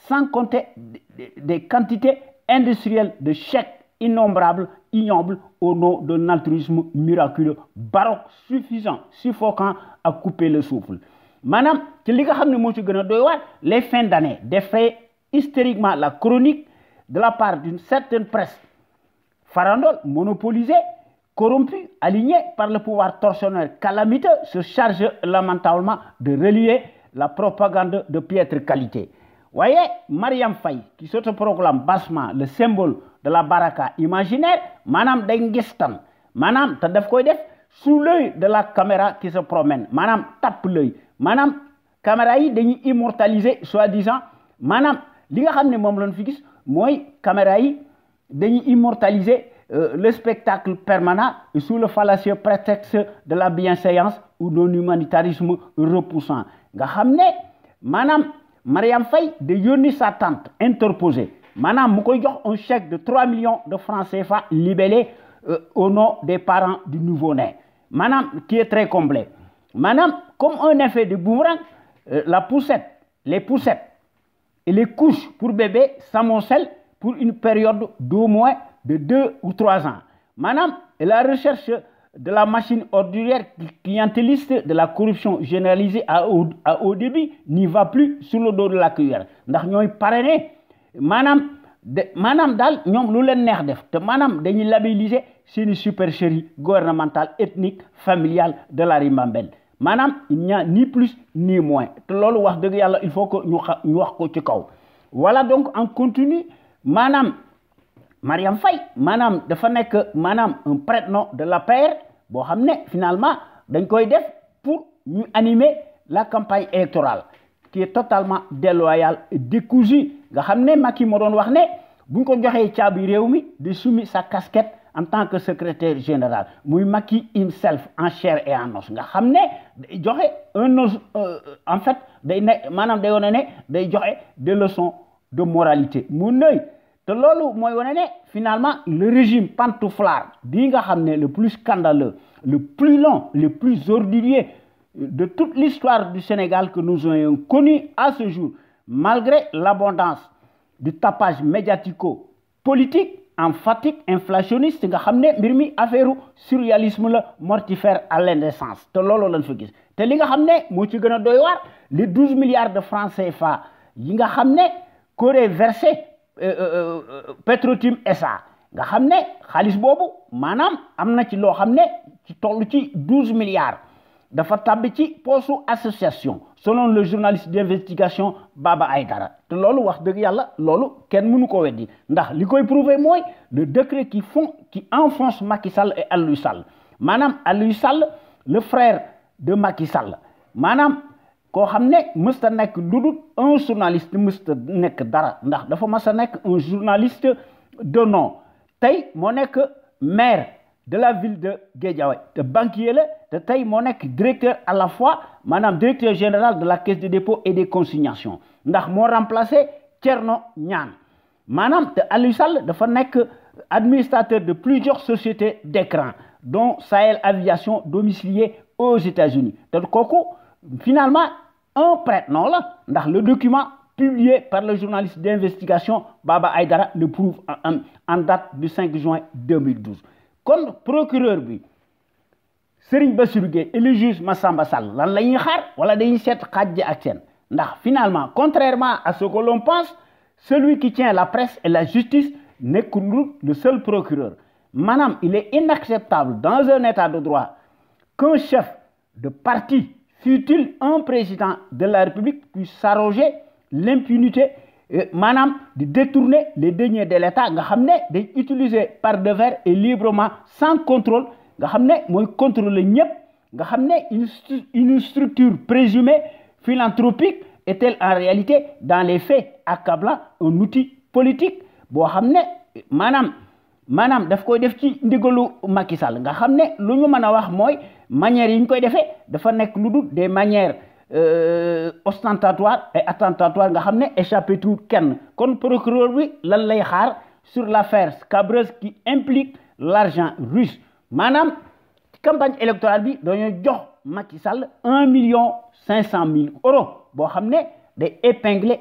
sans compter des, des quantités industrielles de chèques innombrables, ignobles, au nom d'un altruisme miraculeux, baroque, suffisant, suffocant à couper le souffle. Madame, les fins d'année des hystériquement la chronique de la part d'une certaine presse farandole monopolisée corrompue alignée par le pouvoir torsionnel, calamiteux se charge lamentablement de relier la propagande de piètre qualité Voyez, Mariam Faye qui se proclame bassement le symbole de la baraka imaginaire Madame Dengistan, Madame, Tadefkoïdef, sous l'œil de la caméra qui se promène Madame, tape l'œil Madame, caméra yi dañuy immortaliser soi-disant Madame, li lañ fi gis immortaliser euh, le spectacle permanent sous le fallacieux prétexte de la bienséance ou d'un humanitarisme repoussant nga Mariam Faye de Yonis sa tante interposée Madame, un chèque de 3 millions de francs CFA libellé euh, au nom des parents du nouveau-né Madame, qui est très complet Madame, comme un effet de boomerang euh, la poussette les poussettes et les couches pour bébé s'amoncellent pour une période d'au moins de deux ou trois ans Madame, la recherche de la machine ordurière clientéliste de la corruption généralisée à haut, à haut débit n'y va plus sur le dos de la cuillère ndax ñooy parrainé Madame, de nous avons lu leen neex def te une supercherie gouvernementale ethnique familiale de la Rimbambelle n'y a ni plus ni moins té loolu wax dëgg yàlla il faut que ñu ñu wax ko ci kaw voilà donc en continu manam Mariam Fay, manam dafa nekk manam un prête de la paire bo xamné finalement dañ koy def pour ñu animer la campagne électorale qui est totalement déloyale et décousue nga xamné ne Macky moo doon wax né buñ ko joxé caabi réew mi di sumi sa casquette en tant que secrétaire général muy himself en chair et en os nga un euh, en fait day ne day des leçons de moralité mu neuy te finalement le régime pantouflard nga le plus scandaleux le plus long le plus ordurier de toute l'histoire du Sénégal que nous ayons connu à ce jour malgré l'abondance du tapage médiatico-politique en inflationniste nga y fait mbir surréalisme mortifère à l'indécence té lolo lañ fa gis té li nga xamné les 12 milliards de francs CFA yi nga a ne versé SA euh, euh, euh, nga milliards il tàbbi ci association selon le journaliste d'investigation Baba Aydara lolo loolu wax il le décret qui font, qui enfonce Macky Sall et Aliou Sall Madame le frère de Macky Sall madame un journaliste Nek dara un journaliste de nom Nek maire de la ville de Guédiawaye De banquier de te directeur à la fois Madame directeur général de la caisse de dépôt et des consignations ndax avons remplacé Thierno Nyan. Madame te Alusal, administrateur de plusieurs sociétés d'écran dont Sahel Aviation domiciliée aux États-Unis finalement un prête-nom le document publié par le journaliste d'investigation Baba Aydara le prouve en date du 5 juin 2012 comme procureur lui, Serigne et le juge Massamba Sall finalement contrairement à ce que l'on pense celui qui tient la presse et la justice que le seul procureur Madame, il est inacceptable dans un état de droit qu'un chef de parti fût-il un président de la République puisse s'arroger l'impunité Manam de détourner les deniers de l'État nga xamné utiliser par devers et librement sans contrôle nga xamné moy contrôler ñep nga xamné une structure présumée philanthropique est-elle en réalité dans les faits accablant un outil politique bo xamné manam manam daf koy def ci ndigalu Macky Sall nga xamné ne lu ñu mën wax moy manière yiñ koy défé dafa nek des manières euh, ostentatoire et attentatoire nga xamné échappé tout le kon procureur bi lan lay sur l'affaire scabreuse qui implique l'argent russe Madame campagne électorale bi donné jox Macky Sall un million cinq cent mille euros pour épingler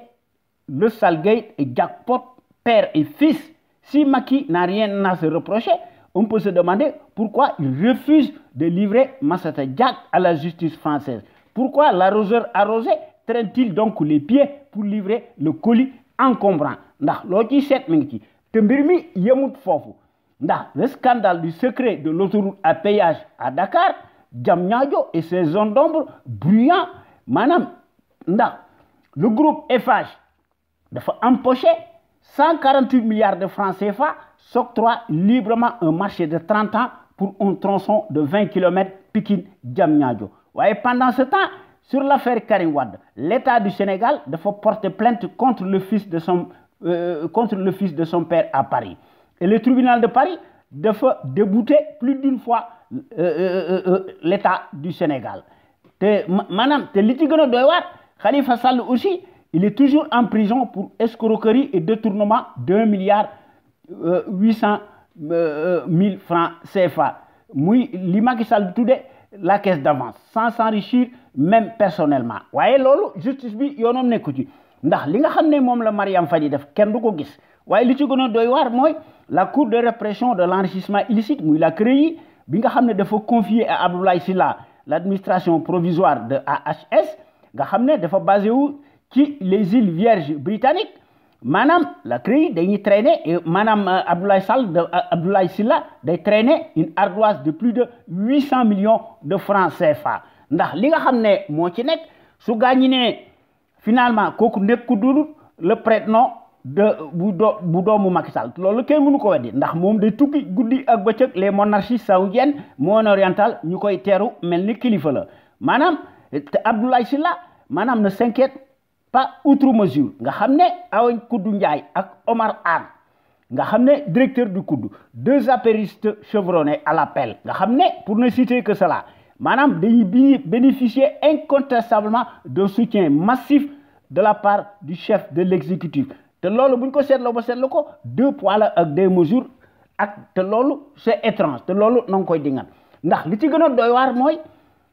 le salgate et jackpot père et fils si Macky n'a rien à se reprocher on peut se demander pourquoi il refuse de livrer Massata Jack à la justice française pourquoi l'arroseur arrosé traîne-t-il donc les pieds pour livrer le colis encombrant ndax lo mi ngi le scandale du secret de l'autoroute à péage à Dakar Diamniadio et ses zones d'ombre bruyant Madame, le groupe FH a empoché 148 milliards de francs CFA s'octroie librement un marché de 30 ans pour un tronçon de 20 km Pikine Djamnyadjo pendant ce temps sur l'affaire Karim Wade l'État du Sénégal doit porter plainte contre le fils de son euh, contre le fils de son père à Paris et le tribunal de Paris doit débouter plus d'une fois euh, euh, l'État du Sénégal Madame, tu es de ci Khalifa Sall aussi il est toujours en prison pour escroquerie et détournement d'un milliard 800 francs CFA li Macky la caisse d'avance sans s'enrichir même personnellement waaye c'est justice bi yoonoom nekku ci ndax li nga xam ne que la Mariam Fadi def kenn du ko gis waaye li ci gën doy c'est la cour de répression de l'enrichissement illicite elle la créé, bi nga confié confier à Abdoulaye Silla, l'administration provisoire de AHS nga a basé les îles Vierges britanniques Madame la crise dañuy traîner et madame euh, Abdoulaye Silla de euh, Abdoulaye une ardoise de plus de 800 millions de francs CFA ndax li nga xam ne c'est ci su finalement le prénom de bu doomu nous nous mënu les monarchies saoudiennes moyen-orientales Madame Abdoulaye Silla, madame ne s'inquiète pas outre mesure nga xamné ne Koudou Ndiaye ak Omar Ag, nga xamné directeur du Koudou, deux apéristes chevronnés à l'appel nga xamné pour ne citer que cela Madame dañuy bénéficier incontestablement d'un soutien massif de la part du chef de l'exécutif te lolu buñ ko sétlo ba sétlo ko deux poids la ak deux mesures ak te lolu c'est étrange te lolu nang koy dingal. ndax li ci gëna doy war moy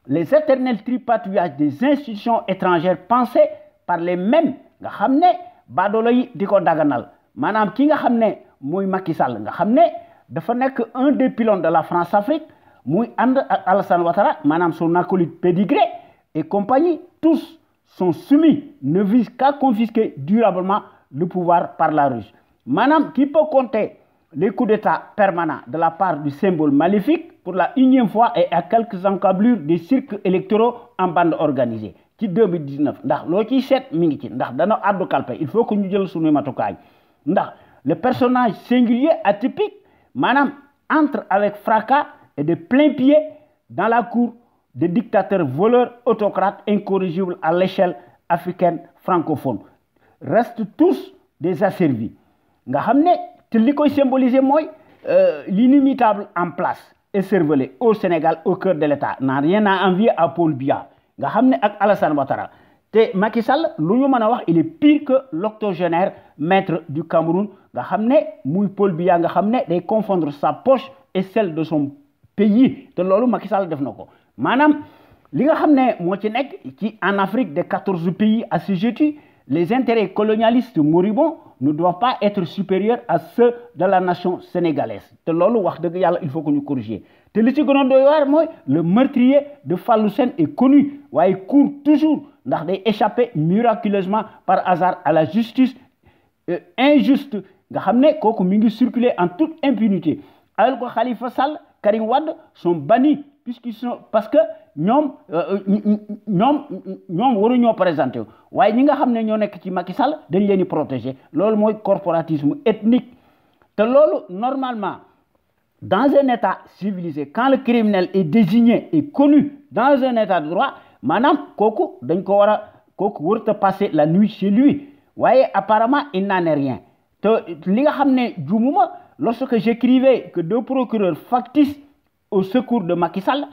les éternels tripatouillages des institutions étrangères pensées par les mêmes nga xamné ne yi diko daganal manam ki nga un des pylônes de la France-Afrique moy Alassane Ouattara manam son acolyte pédigré et compagnie tous sont soumis ne visent qu'à confisquer durablement le pouvoir par la ruse manam qui peut compter les coups d'État permanents de la part du symbole maléfique pour la unième fois et à quelques encablures des cirques électoraux en bande organisée qui 2019 ndax mi ngi ci ndax il faut que ñu jël le personnage singulier atypique entre avec fracas et de plein pied dans la cour des dictateurs voleurs autocrates incorrigibles à l'échelle africaine francophone restent tous des asservis nga xamné te li koy symboliser euh, l'inimitable en place et cervelé au Sénégal au cœur de l'État n'a rien à envier à Paul Biya nga xamné ak Alassane Ouattara te Macky Sall lu ñu wax il est pire que l'octogénaire maître du Cameroun nga xamné ne muy Paul Biya nga xamné confondre sa poche et celle de son pays te lolu Macky Sall def nako manam li nga xamné mo ci nekk ci en Afrique des 14 pays assujettis les intérêts colonialistes moribonds ne doivent pas être supérieurs à ceux de la nation sénégalaise te loolu wax il faut que ñu corriger le meurtrier de Faloussen est connu Il court toujours Il a échappé miraculeusement par hasard à la justice euh, injuste Il circule en toute impunité Les Khalifa Sal, Karim Wad sont bannis sont parce que ñoom présents. Euh, ñoom waruñoo présenté waaye ñi nga ñoo ci Macky dañ protéger lool moy corporatisme ethnique te lool normalement dans un État civilisé, quand le criminel est désigné et connu dans un État de droit, madame Koko, vous passer la nuit chez lui. voyez, apparemment, il n'en est rien. du moment, lorsque j'écrivais que deux procureurs factices au secours de Macky Sall,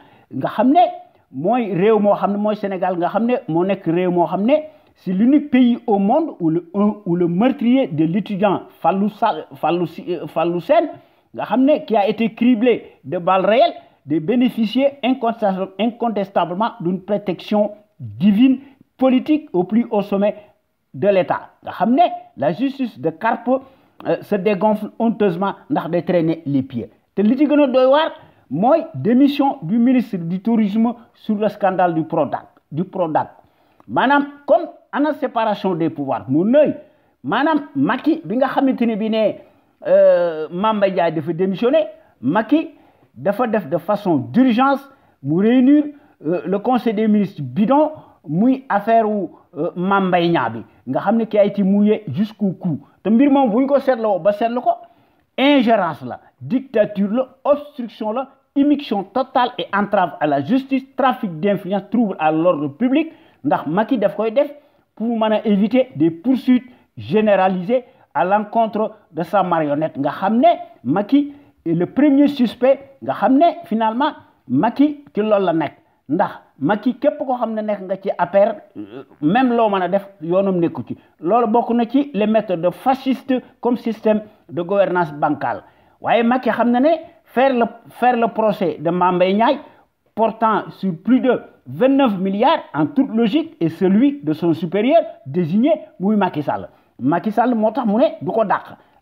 Sénégal, c'est l'unique pays au monde où le, où le meurtrier de l'étudiant Falloussen qui a été criblé de balles réelles de bénéficier incontestablement d'une protection divine politique au plus haut sommet de l'État la justice de Carpe euh, se dégonfle honteusement dans des traîner les pieds C'est ce que nous devons doy démission du ministre du tourisme sur le scandale du Prodac du comme en séparation des pouvoirs mon Madame, je ne sais pas si euh, Mamba Ndiaye a démissionné Macky a fait de façon d'urgence pour réunir euh, le conseil des ministres bidon pour affaire ou euh, Mamba Mbaye a été mouillé jusqu'au cou ingérence la dictature la obstruction la totale et entrave à la justice trafic d'influence trouble à l'ordre public ndax Macky de koy pour éviter des poursuites généralisées à l'encontre de sa marionnette nga xam Maki, le premier suspect nga finalement Macky ci loolu la nek. ndax Macky képp ko xam nek nga ci APR euh, même loo mën a def yonum nekku ci loolu bokk na ci les méthodes fascistes comme système de gouvernance bancale Waye Macky Maki ne faire le faire le procès de Mame Mbaye portant sur plus de 29 milliards en toute logique et celui de son supérieur désigné Moui Macky Macky Sall moo mu ne du ko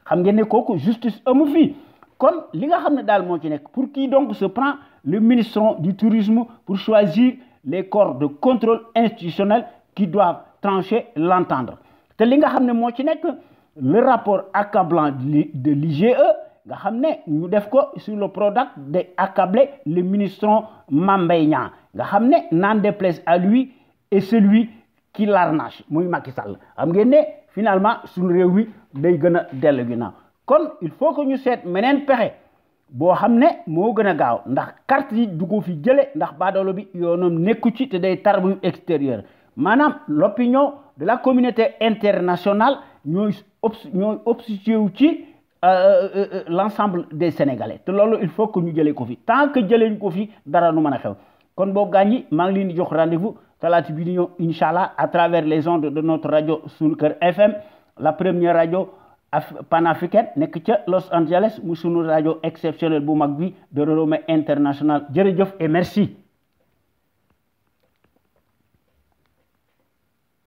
xam ngeen ne justice amu fi kon li nga xam dal mo ci nek pour qui donc se prend le ministre du tourisme pour choisir les corps de contrôle institutionnel qui doivent trancher l'entendre te li nga xam mo ci nek le rapport accablant de l'IGE nga nous ñu def ko sur le product de accabler le ministre Mame Niang nga nan n'en déplaise à lui et celui qui l'arnache moy Macky Sall xam ne finalement suñu réew mi day gëna a dellu kon il faut que ñu sét menen pexé bo xamné mo gëna gën gaaw ndax carte yi du ko fi jëlé ndax badolo bi yonom nekku ci te day tarbu extérieur manam l'opinion de la communauté internationale ñoy obs ñooy wu ci euh, euh, euh, l'ensemble des sénégalais té lolu il faut que ñu jëlé ko fi tant que jëlee ñu ko fi dara nu mëna xew kon vous gagnez, je vous rendez-vous à bi di inshallah, à travers les ondes de notre radio Sunker FM la première radio panafricaine nek Los Angeles mou sunu radio exceptionnel bou magui de renommée internationale et merci.